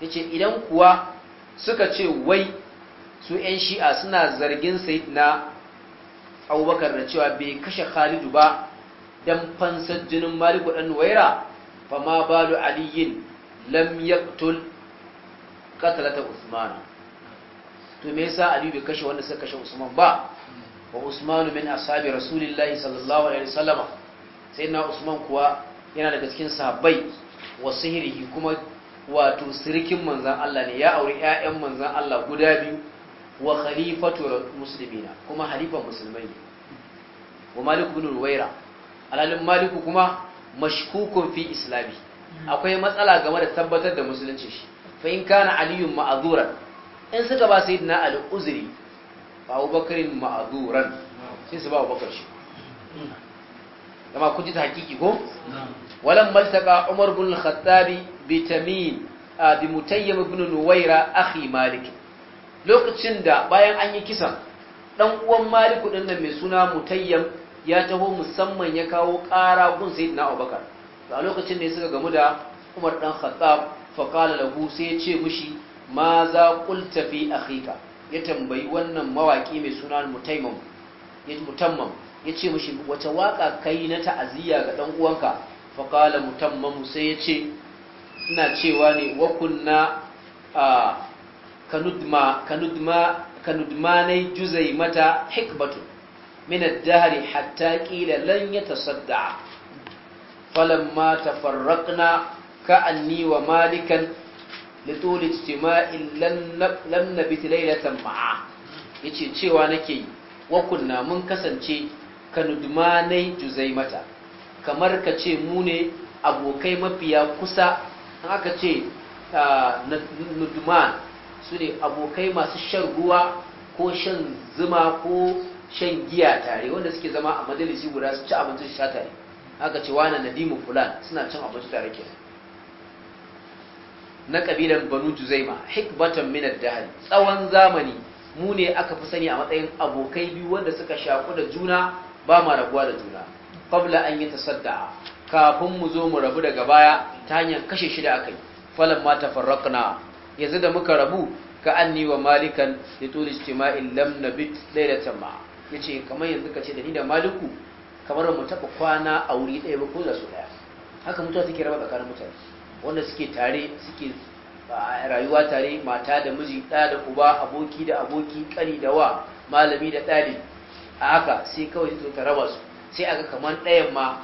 yace idan kuwa suka ce wai su yan shi'a suna zargin sayyidina abubakar da cewa bai kashe khalidu ba dan fansar jinin malik dan nuwayra ma balu aliyin lam yaqtul qatlata usman to me yasa ali bai kashe wanda suka kashe usman ba wa usman min ashabi rasulillahi sallallahu alaihi wasallam na usman kuwa yana daga cikin sahabbai wa sihirihi kuma wato sirikin manzan Allah ne ya auri ƴaƴan manzan Allah guda biyu wa khalifatu muslimina kuma halifan musulmai ne wa malik ibn ruwaira alalin maliku kuma mashkukun fi islami akwai matsala game da tabbatar da musulunci shi fa in kana aliyun ma'azuran in suka ba sayyidina ali uzuri fa abubakarin ma'azuran sai su ba abubakar shi kama kun ji ta hakiki ko walan maltaka umar bin khattabi bi tamim bi mutayyim ibn nuwaira akhi malik lokacin da bayan an yi kisan dan uwan maliku din nan mai suna mutayyam ya taho musamman ya kawo ƙara gun sayyidina abubakar a lokacin ne suka gamu da umar dan khattab fa qala lahu sai ya ce mushi ma za qulta fi akhika ya tambayi wannan mawaki mai suna mutaymam ya mutammam ya ce mashi wata waƙa kai na ta'aziyya ga ɗan uwanka faƙala qala mutammamu sai ya ce ina cewa ne wa kunna kanudma kanudma juzai mata hikbatu min ad hatta qila lan yatasadda falamma tafarraqna ka'anni wa malikan litul ijtima'in lam nabit laylatan ma'a yace cewa nake wakunna mun kasance ka juzai mata kamar ka ce mu ne abokai mafiya kusa an aka ce nuduma su ne abokai masu shan ruwa ko shan zuma ko shan giya tare wanda suke zama a majalisi guda su ci abincin sha tare aka ce wani nadimu fulan suna cin abinci tare ke na kabilan banu juzaima hikbatan minar dahari tsawon zamani mu ne aka fi sani a matsayin abokai biyu wanda suka shaku da juna ba ma rabuwa da juna qabla an yi tasadda'a kafin mu zo mu rabu daga baya ta hanyar kashe shi da aka yi falan ma tafarraqna yanzu da muka rabu ka anni wa malikan li tul in lam nabit laylatan ma yace kamar yanzu kace da ni da maliku kamar mu taba kwana a wuri ɗaya ba ko da su ɗaya haka mutuwa take raba tsakanin mutane wanda suke tare suke rayuwa tare mata da miji ɗaya da uba aboki da aboki ƙani da wa malami da ɗalibi a haka sai kawai su ta raba su sai aka kamar ɗayan ma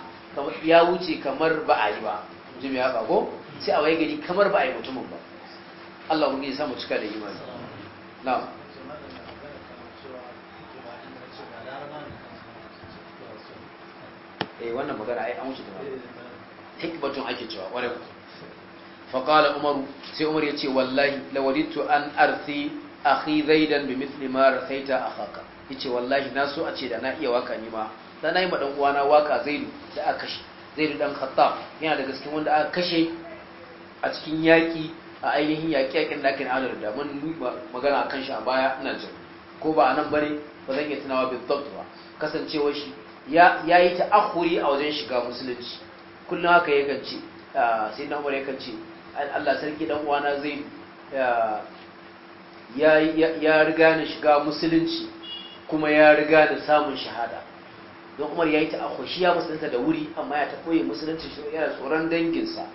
ya wuce kamar ba a yi ba jimi ya ko sai a waye gari kamar ba a yi mutumin ba Allah mun yi samu cika da imani na eh wannan magana ai an wuce ta hikmatun ake cewa ku. faƙala umaru sai umar ya ce wallahi lawalittu an arsi akhi zaidan bi mithli ma rasaita yace wallahi na so a ce da na iya waka ni ma da na yi ma dan uwana waka zaidu da aka kashe zaidu dan khattab yana da cikin wanda aka kashe a cikin yaki a ainihin yaki yakin ɗakin adar da mun magana kan shi a baya ina jin ko ba anan bane ba zan iya tunawa bin dabt ba kasancewar shi ya yi ta ta'akhuri a wajen shiga musulunci kullum haka yakan ce sai na umar yakan ce Allah sarki dan uwana zaidu ya riga ni shiga musulunci kuma ya riga da samun shahada don umar ya yi ta akwashi ya musulunta da wuri amma ya ta koyi musulunci shi yana tsoron danginsa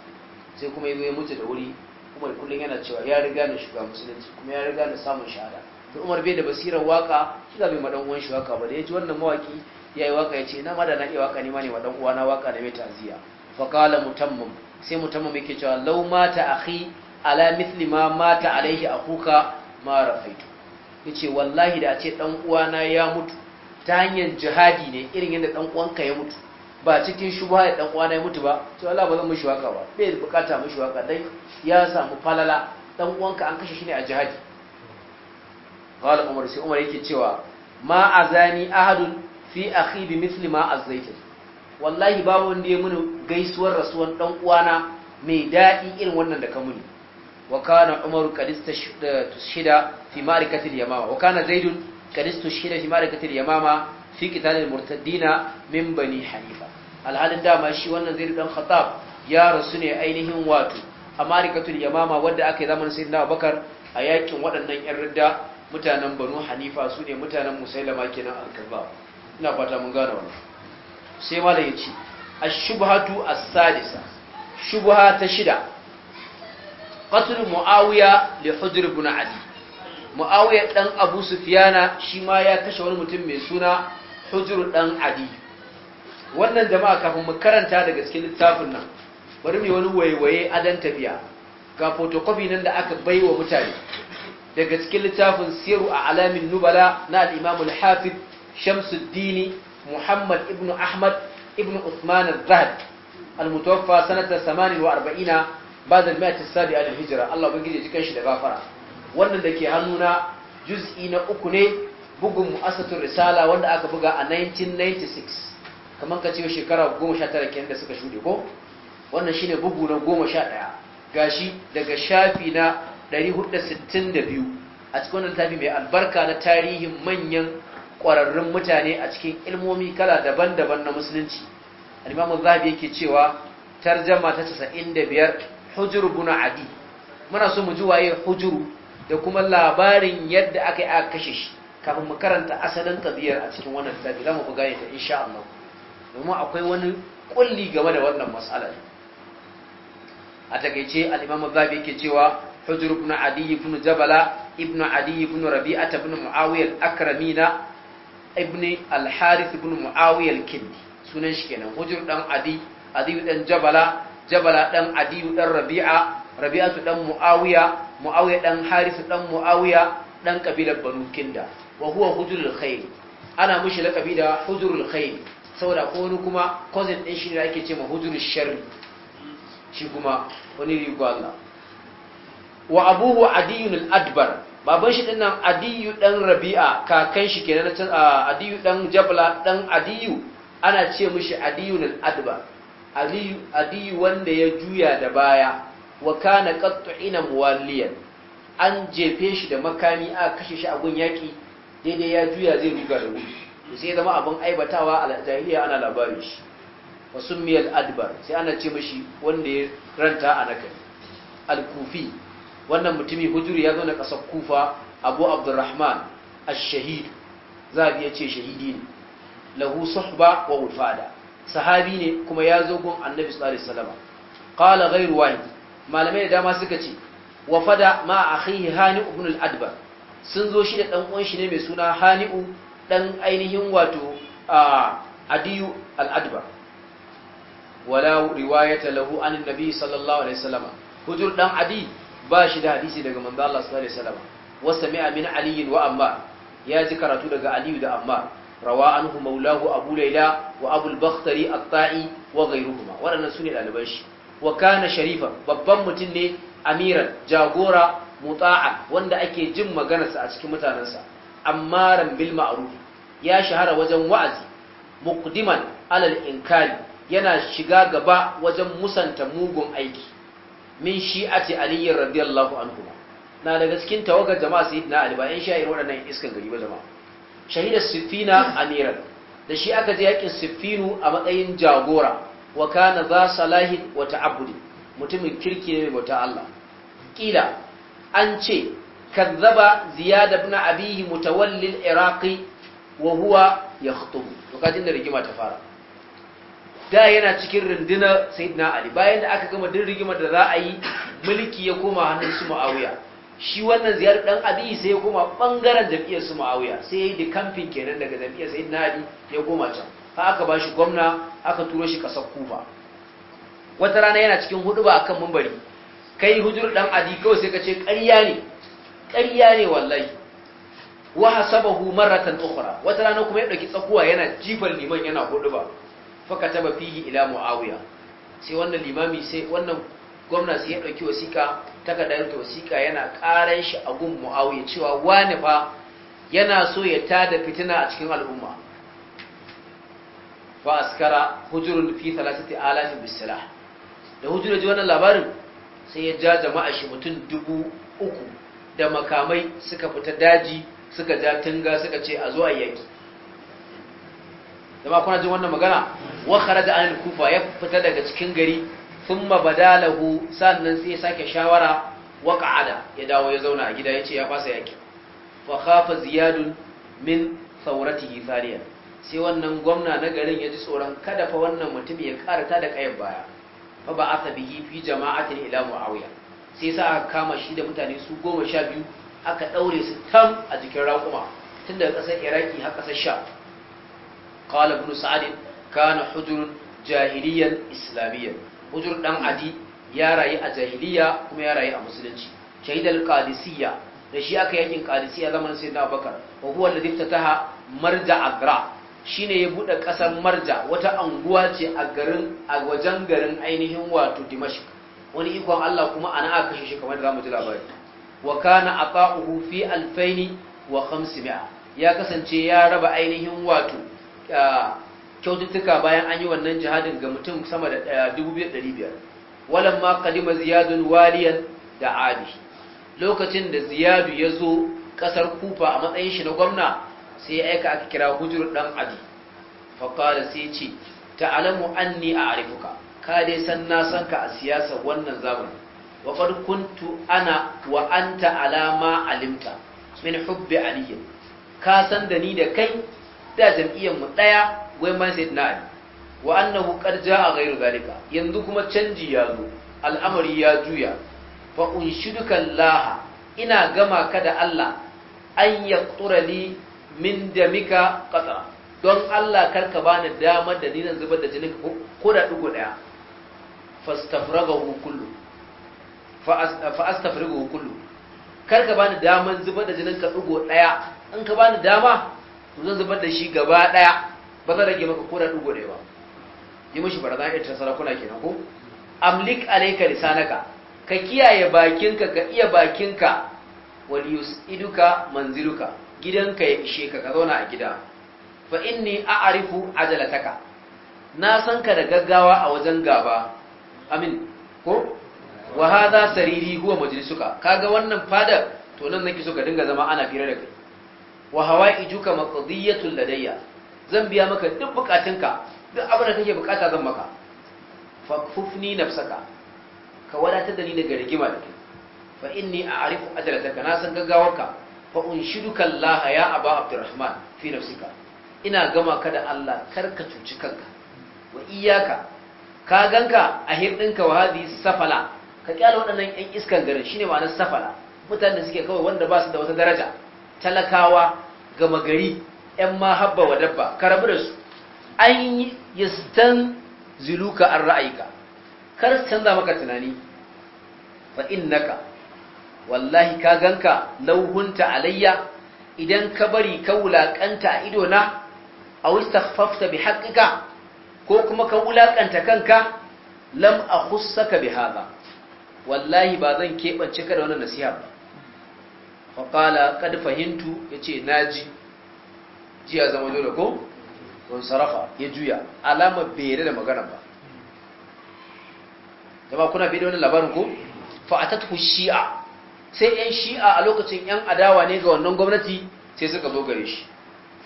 sai kuma ya mutu da wuri umar kullum yana cewa ya riga na shiga musulunci kuma ya riga na samun shahada Don umar bai da basirar waka shi ga bai ɗan shi waka ba da ci wannan mawaki yi waka ce, na ma da na iya waka ne ma ne madan uwa na waka da mai ta'ziya fa qala mutammim sai mutammim yake cewa law mata akhi ala mithli ma mata alaihi akuka ma rafaitu yace wallahi da a ce dan uwana ya mutu ta hanyar jihadi ne irin yadda dan ya mutu ba cikin shubha da dan ya mutu ba to Allah ba zan mishi waka ba bai bukata mishi waka dan ya samu falala dan an kashe shi ne a jihadi qala umar sai umar yake cewa ma azani ahadun fi akhi bi misli ma azaitu wallahi babu wanda ya muni gaisuwar rasuwan ɗan'uwana, mai daɗi irin wannan da ka muni wa kana umaru kadista shida zaidun kadista shida yamama fi qitalil murtaddina min bani dama shi wannan zaidu dan khattab ya rasu ne ainihin wato a yamama wadda aka yi zamanin sayyidina abubakar a yakin waɗannan yan ridda mutanen banu hanifa su ne mutanen musailama kenan al-kazzab ina ta shida qatl muawiya li hudr ibn ali muawiya dan abu sufyana shi ma ya kashe wani mutum mai suna hujr dan ali wannan jama'a kafin mu karanta daga cikin littafin nan bari mu wani waiwaye dan tafiya ga photocopy nan da aka baiwa mutane daga cikin littafin siru a alamin nubala na al-imam al hafid shamsuddini muhammad ibnu ahmad ibnu usman al-zahid al-mutawaffa sanata 48 ba da miya tisadi a hijira Allah ubangiji jikan shi da bafara. wannan da ke hannuna juz'i na uku ne bugun mu'assatul risala wanda aka buga a 1996 kamar ka ce shekara 19 kenan da suka shude ko wannan shine bugu na 11 gashi daga shafi na 462 a cikin wannan tafi mai albarka na tarihin manyan ƙwararrun mutane a cikin ilmomi kala daban-daban na musulunci al-imamu zahabi yake cewa tarjama ta 95 hujuru buna adi muna so mu ji waye hujuru da kuma labarin yadda aka yi aka kashe shi kafin mu karanta asalin tabiyar a cikin wannan littafi mu buga ta insha Allah domin akwai wani kulli game da wannan mas'alar a takeice al-Imam Zabi yake cewa hujuru buna Adi ibn Jabala ibn Adi ibn Rabi'ah ibn Muawiya akramina ibn al-Harith ibn Muawiya al-Kindi sunan shi kenan hujuru dan Adi Adi dan Jabala jabala dan adiyu dan rabi'a rabi'atu dan muawiya muawiya dan harisu dan muawiya dan kabilar banu kinda wa huwa hujurul khayl ana mushi lakabi da hujurul khayl saboda ko wani kuma cousin din shi ne ake cewa hujurul sharri shi kuma wani Allah wa abuhu adiyun al-adbar baban shi dinnan adiyu dan rabi'a kakan shi kenan adiyu dan Jabala dan adiyu ana ce mushi adiyun al-adbar aliyu wanda ya juya da baya wa kana qattu ina muwalliyan an jefe shi da makami a kashe shi a gun yaki daidai ya juya zai ruga da gudu sai zama abin aibatawa a jahiliya ana labarin shi wa miyar adbar sai ana ce mashi wanda ya ranta a nakan. al-kufi wannan mutumi hujuri ya zo na kasar kufa abu abdurrahman ash-shahid za a biya ce shahidi ne lahu suhba wa wufada sahabi ne kuma ya zo gun annabi sallallahu alaihi wasallam qala ghayr wahid malamai da dama suka ce wa fada ma akhihi hani ibn al-adbar sun zo shi da dan uwan shi ne mai suna hani'u dan ainihin wato adiyu al-adbar wala riwayata lahu an annabi sallallahu alaihi wasallam hujur dan adi ba shi da hadisi daga manzo Allah sallallahu alaihi wasallam wa sami'a min ali wa amma ya ji karatu daga aliyu da amma. rawa anhu maulahu abu laila wa abu al-bakhtari at wa ghayruhuma wadannan sune shi wa kana sharifa babban mutum ne amiran jagora muta'a wanda ake jin maganarsa a cikin mutanansa ammaran bil ma'ruf ya shahara wajen wa'azi muqdiman alal inkari yana shiga gaba wajen musanta mugun aiki min shi'ati aliyyar radiyallahu anhu na daga cikin tawagar jama'a sayyidina ali ba yan sha'ir waɗannan iskan gari ba jama'a shahida siffina amiran da shi aka je yakin siffinu a matsayin jagora wa kana za salahin wa ta'abudi mutumin kirki ne mai bauta Allah kila an ce kazzaba ziyad ibn abihi mutawalli al-iraqi wa huwa yakhtubu to da rigima ta fara da yana cikin rundunar sayyidina ali bayan da aka gama din rigimar da za a yi mulki ya koma hannun su muawiya shi wannan ziyarar dan abi sai ya koma bangaren jam'iyyar su muawiya sai ya yi kamfin kenan daga jami'ar sai na abi ya koma can ha aka ba shi gwamna aka turo shi kasar kufa wata rana yana cikin hudu akan mumbari kai hujur dan adi kawai sai ka ce ƙarya ne ƙarya ne wallahi wa hasabahu marratan ukhra wata rana kuma ya dauki tsakuwa yana jifar liman yana hudu ba fa kataba fihi ila muawiya sai wannan limami sai wannan gwamna sai ya dauki wasika takardar ta wasika yana karan shi a gun muawiya cewa wani fa yana so ya tada fitina a cikin al'umma fa askara hujurun fi 3000 bisilah da hujurun ji wannan labarin sai ya ja jama'a shi mutum dubu uku da makamai suka fita daji suka ja tunga suka ce a zo a yaki zama kuna jin wannan magana wa kharaja anil kufa ya fita daga cikin gari thumma badalahu sannan sai sake shawara wa qa'ada ya dawo ya zauna a gida yace ya fasa yaƙi. fa khafa ziyadun min saurati thaniyan sai wannan gwamna na garin ya ji tsoron kada fa wannan mutum ya karata da kayan baya fa ba asa bihi fi jama'atin ila muawiya sai sa aka kama shi da mutane su goma sha biyu aka ɗaure su tam a jikin raƙuma tun daga ƙasar iraki har ƙasar sha qala ibn sa'd kana hujrun jahiliyan islamiyyan ujur dan adi ya rayu a jahiliya kuma ya rayu a musulunci shahidal qadisiyya da shi aka yakin qadisiyya zaman sayyidina abubakar wa huwa alladhi iftataha marja agra shine ya bude kasar marja wata anguwa ce a garin a wajen garin ainihin wato dimashq wani ikon Allah kuma ana aka kashe shi kamar da zamu ji labari wa kana ata'uhu fi 2000 wa ya kasance ya raba ainihin wato ah, kyaututtuka bayan an yi wannan jihadin ga mutum sama da 1,500 walan ma kalima ziyadun waliyan da abi lokacin da ziyadu ya zo kasar kufa a matsayin shi na gwamna sai ya aika aka kira hujur dan adi faƙara sai ce an ni a arifuka ka dai san na san ka a siyasa wannan zamani wa farkuntu ana wa ta alama alimta min hubbi aliyin ka san da ni da kai da jam'iyyar mu ɗaya. goyon bayan sayyidina ali wa annahu qad jaa ghayru zalika yanzu kuma canji ya zo al'amari ya juya fa unshiduka laha ina gama ka da Allah an yaqtura li min damika qatra don Allah karka bani damar da ni zan zubar da jinin ko da dugo daya fastafragahu kullu fa astafragahu kullu karka bani damar zubar da jinin ka dugo daya in ka bani dama zan zubar da shi gaba daya ba zan rage maka koda dugo da ba yi mishi barazana irin ta sarakuna kenan ko amlik alayka lisanaka ka kiyaye bakinka ka iya bakinka waliyus iduka manziluka gidanka ya ishe ka ka zauna a gida fa inni a'rifu ajalataka na san ka da gaggawa a wajen gaba amin ko wa hadha sariri huwa majlisuka kaga wannan fadar to nan nake so ka dinga zama ana fira da kai wa hawaijuka maqdiyatul ladayya zan biya maka duk bukatunka duk abin da kake bukata zan maka fakfufni nafsaka ka wadatar da ni daga rigima da kai fa inni a'rifu adalataka na san gaggawarka fa unshiduka Allah ya aba Abdurrahman fi nafsika ina gama ka da Allah kar ka cuci kanka wa iyaka ka ganka a hirdinka wa hadi safala ka kyale waɗannan ƴan iskan garin shine ma'anar safala mutanen da suke kawai wanda ba su da wata daraja talakawa gama gari 'yan ma haɓa wa dabba ka da su an yi stan ziluka an ra'aika kar canza maka tunani fa ka, wallahi ka gan ka lauhunta alayya idan ka bari ka wulaƙanta a ido na wista fafta bi haƙiƙa, ko kuma ka wulaƙanta kanka lam a ka bi haɗa? wallahi ba zan keɓance ka da wani nasiha ba faƙala ƙad fahimtu ya ce naji Jiya ya zama dole ko don sarafa ya juya alama bai yarda da magana ba jama kuna bai da wannan labarin ko fa'atatu shi'a sai yan shi'a a lokacin yan adawa ne ga wannan gwamnati sai suka zo gare shi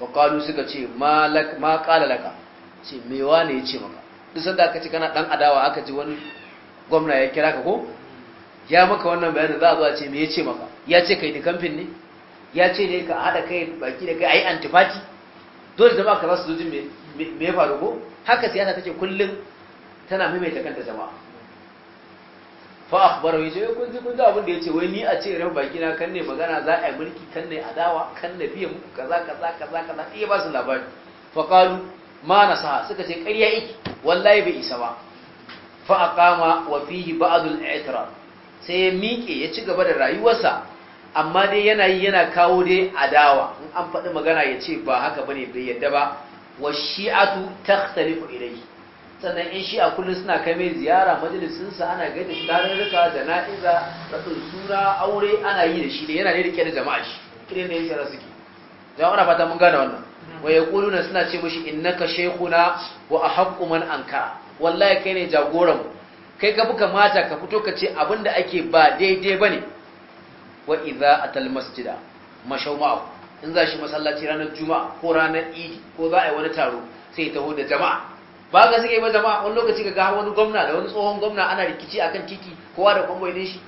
faƙalu suka ce ma ƙala laka ce mewa ne ya ce maka duk sanda aka ci kana ɗan adawa aka ji wani gwamna ya kira ka ko ya maka wannan bayanin za a zuwa ce me ya ce maka ya ce kai da kamfin ne ya ce ne ka haɗa kai baki da kai ayi yi antifati dole jama'a ka rasu su zojin me ya faru ko haka siyasa take kullum tana maimaita kanta jama'a fa akhbaro yace eh, kun ji kun ji abin da yace wai ni a ce rabu baki na kan ne magana za a yi mulki kan ne adawa kan na biya muku kaza kaza kaza kaza iya eh, ba su labari fa qalu ma nasaha suka ce ƙarya iki wallahi bai isa ba fa aqama wa fihi ba'd itira sai ya miƙe ya ci gaba da rayuwarsa amma dai yana yi yana kawo dai adawa in an faɗi magana ya ce ba haka bane bai yadda ba wa shi'atu takhtalifu ilayhi sannan in shi'a kullum suna kai mai ziyara majalisinsa ana gaida shi tarurruka da na'iza raɗin suna aure ana yi da shi ne yana ne rike da jama'a shi kire ne yara suke jama'a na fata mun gane wannan wa na suna ce mushi innaka shaykhuna wa ahaqqu man anka wallahi kai ne jagoran mu kai ka buka mata ka fito ka ce abinda ake ba daidai bane wa idza atal masjida Mashauma'u, in za shi masallaci ranar juma'a ko ranar idi ko za a yi wani taro sai ya taho da jama'a ba ga suke ba jama'a wani lokaci ga har wani gwamna da wani tsohon gwamna ana rikici akan titi kowa da kwamboyi ne shi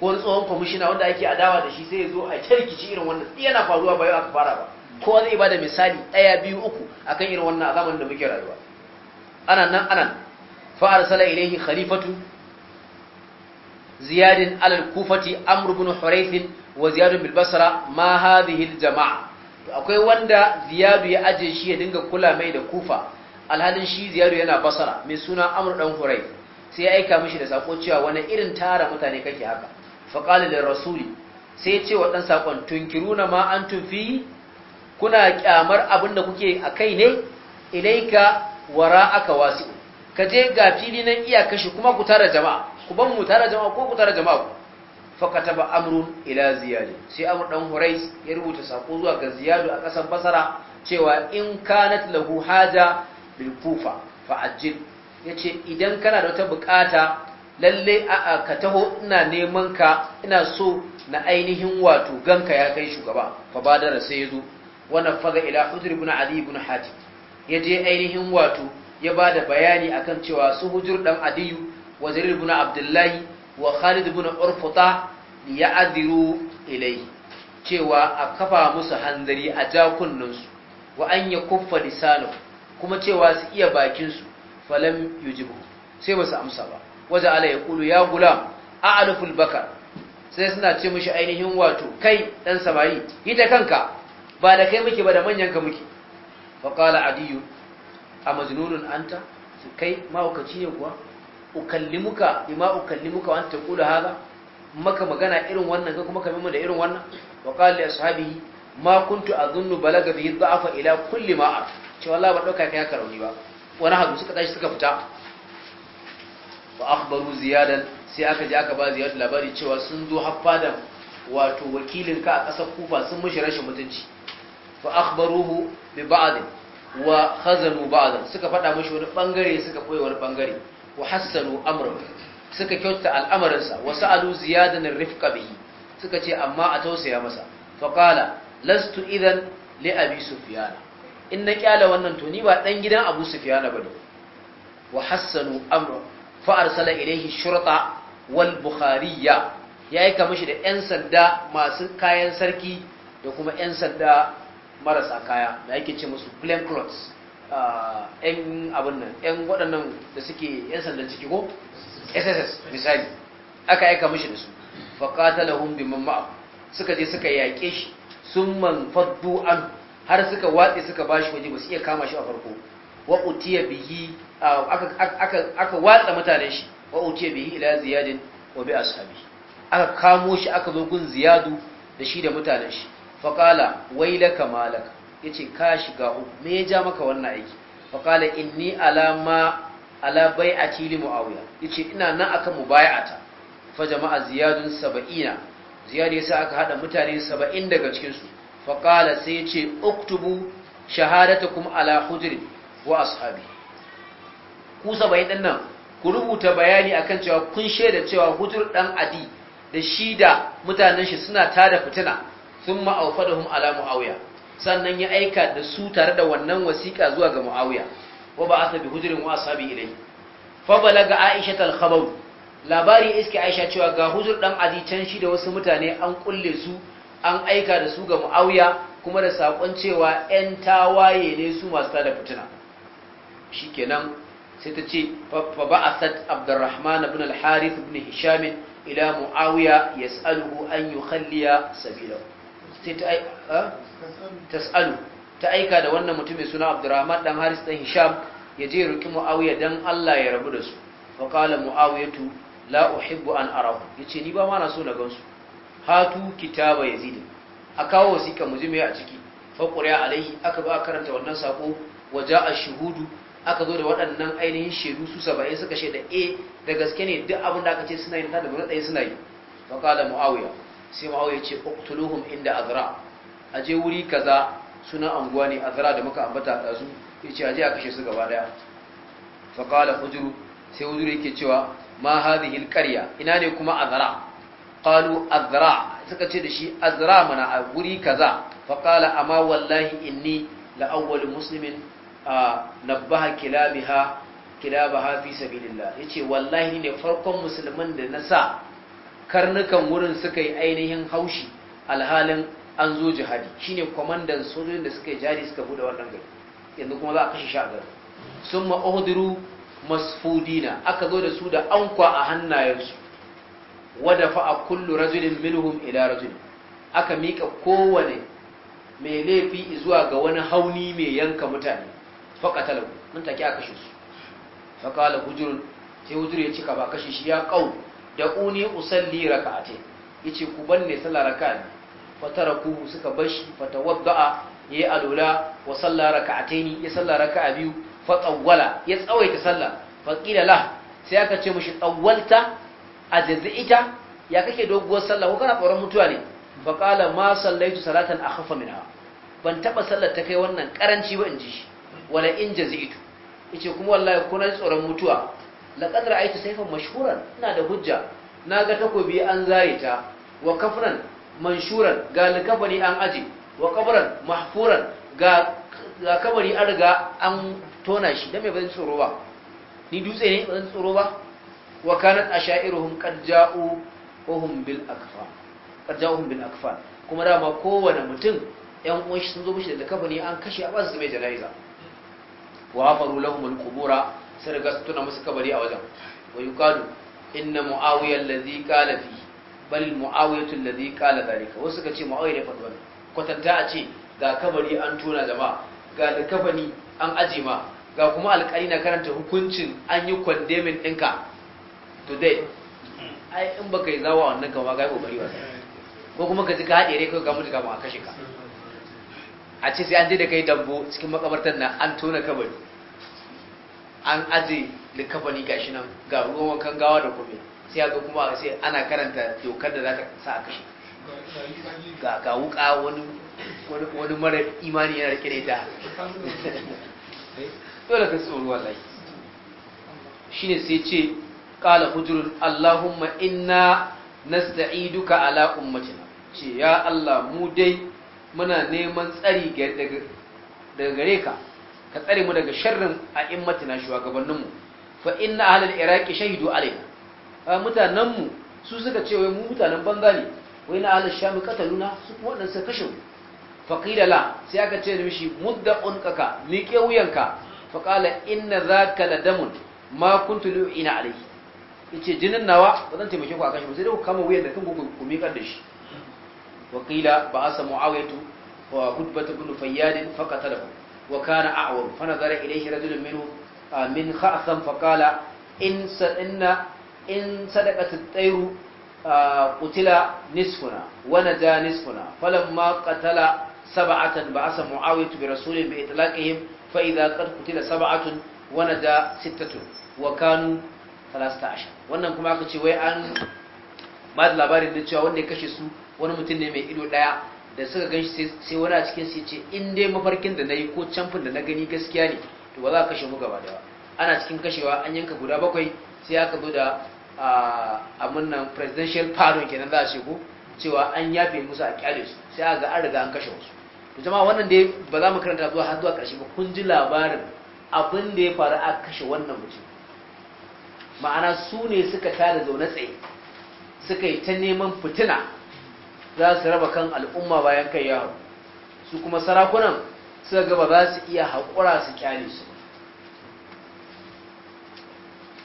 ko wani tsohon kwamishina wanda ake adawa da shi sai ya zo a ta rikici irin wannan yana faruwa ba yau aka fara ba kowa zai ba misali ɗaya biyu uku akan irin wannan a zamanin da muke rayuwa ana nan anan fa arsala ilayhi khalifatu زياد على الكوفة أمر بن حريث وزياد بالبصرة ما هذه الجماعة akwai wanda ziyadu ya ajiye shi ya dinga kula mai da kufa alhalin shi ziyadu yana basara mai suna amur hurai sai ya aika mishi da sako cewa wani irin tara mutane kake haka faqala lir rasuli sai ya ce wa dan sakon tunkiruna ma antum fi kuna kyamar abin da kuke akai ne ilaika wasi? Ka je ga fili nan iya kashe kuma ku tara jama'a ku ban mu tare jama'a ko ku tare jama'a ku fa kataba amrun ila ziyad sai amr dan hurais ya rubuta sako zuwa ga ziyadu a kasar basara cewa in kanat lahu haja bil kufa fa ajil yace idan kana da wata bukata lalle a ka taho ina neman ka ina so na ainihin wato ganka ya kai shugaba fa badara sai yazo wannan faga ila hudr ibn ali ibn hatib yaje ainihin wato ya bada bayani akan cewa su hujur dan adiyu wa Jarir ibn Abdullahi wa Khalid ibn ya ya'dhiru ilayhi cewa a kafa musu hanzari a jakunnan su wa an kuffa lisanu kuma cewa su iya bakin su falam yujibu sai ba su amsa ba waza ala yaqulu ya gulam a'riful bakar sai suna ce mishi ainihin wato kai dan samari yi ta kanka ba da kai muke ba da manyan ka muke fa qala adiyu a majnunun anta kai mahaukaci ne kuwa ukallimuka ima ukallimuka wanta kula haka? maka magana irin wannan ga kuma kamin da irin wannan wa qala li ashabihi ma kuntu adhunnu balaga bihi dha'afa ila kulli ma ar ce wallahi ba dauka kai rauni ba wani hagu suka tashi suka fita wa akhbaru ziyadan sai aka je aka ba ziyad labari cewa sun zo haffadan wato wakilin ka a kasar kufa sun mushi rashin mutunci fa akhbaruhu bi ba'd wa khazanu ba'd suka fada mushi wani bangare suka koyi wani bangare wa hassanu suka kyautata al'amarinsa wa sa'alu ziyadan rifqa bihi suka ce amma a tausaya masa fa qala lastu idan li abi sufyan in na kyala wannan to ni ba dan gidan abu sufyan bane wa hassanu Amra fa arsala ilayhi shurta wal bukhariya ya aika mishi da yan sanda masu kayan sarki da kuma yan sanda marasa kaya da yake ce musu plain clothes yan abin nan yan waɗannan da suke yan sandan ciki ko sss misali aka aika mishi da su faƙatalahun biman ma'a suka je suka yaƙe shi sun man faɗu an har suka watse suka ba shi waje ba su iya kama shi a farko wa utiya bihi aka watsa mutanen shi wa utiya bihi ila ziyadin wa bi ashabi aka kamo shi aka zo gun ziyadu da shi da mutanen shi faƙala wailaka malaka yace ka shiga uku me ya ja maka wannan aiki fa qala inni alama ala bai'ati li muawiya yace ina nan akan mubayata fa jama'a ziyadun 70 ya yasa aka hada mutane 70 daga cikin su fa qala sai yace uktubu shahadatakum ala hujr wa ashabi ku 70 din nan ku rubuta bayani akan cewa kun shaida cewa hujr dan adi da shi da mutanen shi suna tada fitina sun awfadahum ala muawiya sannan ya aika da su tare da wannan wasiƙa zuwa ga muawiya wa ba asa bi hujurin wa ashabi ilai fa balaga aisha tal khabar labari iske aisha cewa ga hujur dan azican shi da wasu mutane an kulle su an aika da su ga muawiya kuma da sakon cewa ƴan tawaye ne su masu tada fitina shikenan sai ta ce fa ba asad abdurrahman ibn al-harith ibn hisham ila muawiya yas'aluhu an yukhalliya sabila sai ta tas'alu ta aika da wannan mutumin suna Abdurrahman dan Haris dan Hisham ya je roki Muawiya dan Allah ya rabu da su fa qala Muawiyatu la uhibbu an arahu yace ni ba ma na so na gansu hatu kitaba Yazid a kawo wasiƙa mu ji a ciki fa qura alaihi aka ba karanta wannan sako waja ashhudu aka zo da waɗannan ainihin shedu su 70 suka shaida eh da gaske ne duk abin da aka ce suna yin da ba tsaye suna yi fa qala Muawiya sai Muawiya ce uqtuluhum inda azra a je wuri kaza suna anguwa ne azra da muka ambata a su yace aje a kashe su gaba daya faƙala hujuru sai hujru yake cewa ma hadhihi alqarya ina ne kuma azra a azra suka ce da shi azra mana a wuri kaza faƙala qala amma wallahi inni la awwal a nabbaha kilabiha kilabaha fi sabilillah yace wallahi ne farkon musulmin da na sa karnukan wurin suka yi ainihin haushi alhalin an zo jihadi shine kwamandan sojojin da suka yi jari suka bude wannan gari yanzu kuma za a kashe sha gari sun ma'udiru masfudina aka zo da su da ankwa a hannayensu wadda fa'a kullu rajulin milhum ila rajulin aka miƙa kowane mai laifi zuwa ga wani hauni mai yanka mutane faƙa talabu nan take a kashe su faƙa da hujurun sai hujur ya cika ba kashe shi ya ƙau da uni usalli raka'atai yace ku banne sallah raka'a fatarakuhu suka bashi fatawadda'a yayi alula wa salla raka'ataini ya salla raka'a biyu fatawwala ya tsawaita sallah faqila la sai aka ce tsawalta tawwalta jazi'ita. ya kake doguwar salla ko kana tsoron mutuwa ne faqala ma sallaitu salatan akhaffa minha ban taba sallar ta kai wannan karanci ba inji shi wala in jazitu yace kuma wallahi kuna tsoron mutuwa laqad ra'aytu sayfan mashhuran ina da hujja naga takobi an zare ta wa kafran manshuran ga likafani an aje wa kabran mahfuran ga kabari an an tona shi dan me bazan tsoro ba ni dutse ne bazan tsoro ba wa kanat ashairuhum qad ja'u hum bil akfa qad ja'uhum bil akfa kuma dama kowane mutum yan uwan sun zo mishi da likafani an kashe a basu mai janaiza wa hafaru lahum al su kabari a wajen wa inna muawiya bal muawiyatu alladhi qala zalika wasu suka ce muawiya ya faɗi wannan kwatanta a ce ga kabari an tona jama'a ga da an aje ma ga kuma alƙali na karanta hukuncin an yi condemning ɗinka today ai in baka yi zawa wannan kama ga kokari ba ko kuma ka ji ka haɗe rai kai ga mutu kama a kashe ka a ce sai an je da kai dambo cikin makabartar nan an tona kabari an aje likafani gashi nan ga ruwan wankan gawa da kome sai ya zo kuma sai ana karanta dokar da za ta sa a kashe ga ga wuka wani wani mara imani yana rike da ita dole ka tsoro wallahi shine sai ce qala hujrun allahumma inna nasta'iduka ala ummatina ce ya allah mu dai muna neman tsari daga gare ka ka tsare mu daga sharrin a immatina shugabanninmu fa inna ahlul iraqi shahidu alaina mutanenmu su suka ce wai mu mutanen banga ne wai na ala Shamu kataluna su kuma waɗansu kashe mu faƙila la sai aka ce da mishi mudda unkaka miƙe wuyanka faƙala inna za ka ladamun ma kuntu liyu ina alaihi yace jinin nawa ba zan taimake ku a kashe ba sai dai ku kama wuyan da kanku ku miƙar da shi waƙila ba a samu awaitu wa hudbata bin fayyadin faƙatalahu wa kana a'war fa nazara ilayhi rajulun minhu ah, min ha'asan faqala in sa in sadaqatu tayru uh, qutila nisfuna wa naja nisfuna falamma qatala sab'atan ba'asa muawiyah bi rasulin bi itlaqihim fa idha qad qutila sab'atun wa naja sittatun wa kanu 13 wannan kuma aka ce wai an ba da labarin da cewa wanda ya kashe su wani mutum ne mai ido daya da suka ganshi sai wani a cikin sai ce in dai mafarkin da na yi ko camfin da na gani gaskiya ne to ba za a kashe mu gaba da ana cikin kashewa an yanka guda bakwai sai aka zo da a nan presidential pardon kenan za a shigo. cewa an yafe musu a kyale su sai a ga an riga an kashe wasu to jama'a wannan dai ba za mu karanta zuwa har zuwa karshe ba kun ji labarin abin da ya faru a kashe wannan mutum ma'ana su ne suka tada zaune tsaye suka yi ta neman fitina za su raba kan al'umma bayan kai yaro su kuma sarakunan suka gaba za su iya haƙura su kyale su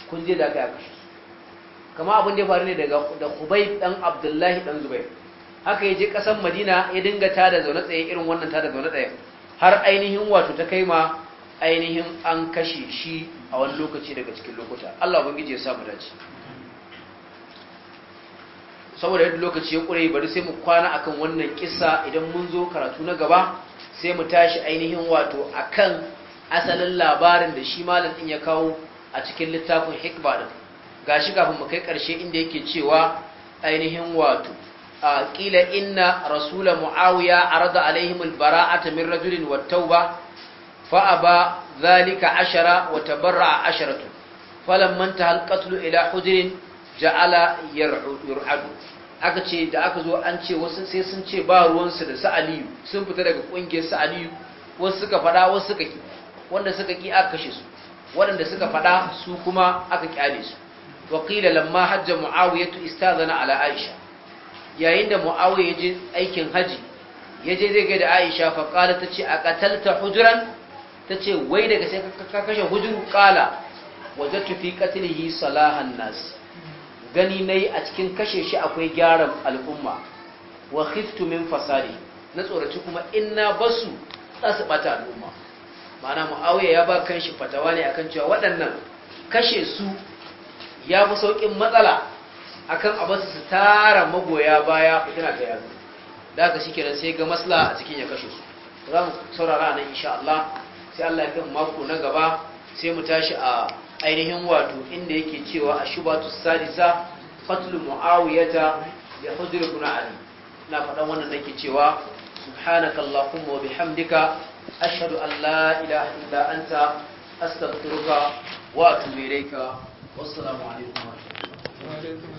kun je da aka yi kashe kama abin da ya faru ne daga da Kubayb dan Abdullahi dan Zubair haka yaje kasan Madina ya dinga ta da zaune tsaye irin wannan ta da zaune tsaye har ainihin wato ta kai ma ainihin an kashe shi a wani lokaci daga cikin lokuta Allah ubangiji ya sa mu dace saboda yadda lokaci ya kure bari sai mu kwana akan wannan kisa idan mun zo karatu na gaba sai mu tashi ainihin wato akan asalin labarin da shi malam din ya kawo a cikin littafin hikba din Ga shi kafin mu kai ƙarshe inda yake cewa ainihin wato qila inna rasul muawiya arada alaihim albara'ata min rajulin wat-tauba fa aba zalika ashara wa tabarra'a asharatu Falon manta al-qatl ila hudrin ja'ala yar'adu. aka ce da aka zo an ce wasu sai sun ce ba ruwansu da sa'aliyu sun fita daga kungiyar sa'aliyu wasu suka fada wasu suka ki wanda suka ki aka kashe su waɗanda suka faɗa su kuma aka kyale su waƙila lamma hajja mu'awiyatu istazana ala aisha yayin da mu'awiya je aikin haji ya je zai da aisha fa qala tace a qatalta hujran tace wai daga sai ka kashe hujru qala wajadtu fi qatlihi salahan nas gani nayi a cikin kashe shi akwai gyaran al'umma wa khiftu min fasadi na tsoraci kuma inna basu tsasu bata al'umma ma'ana mu'awiya ya ba kanshi fatawa ne akan cewa waɗannan kashe su ya fi sauƙin matsala a kan basu su tara magoya baya fitina ta yanzu da shi shikenan sai ga masla a cikin ya kashe su za mu saurara nan insha Allah sai Allah ya kai mako na gaba sai mu tashi a ainihin wato inda yake cewa a shubatu sadisa qatlu muawiyata ya hujr kuna ali na faɗan wannan nake cewa subhanaka allahumma wa bihamdika ashhadu an la ilaha illa anta astaghfiruka wa atubu ilayka 我是来玩的，同的。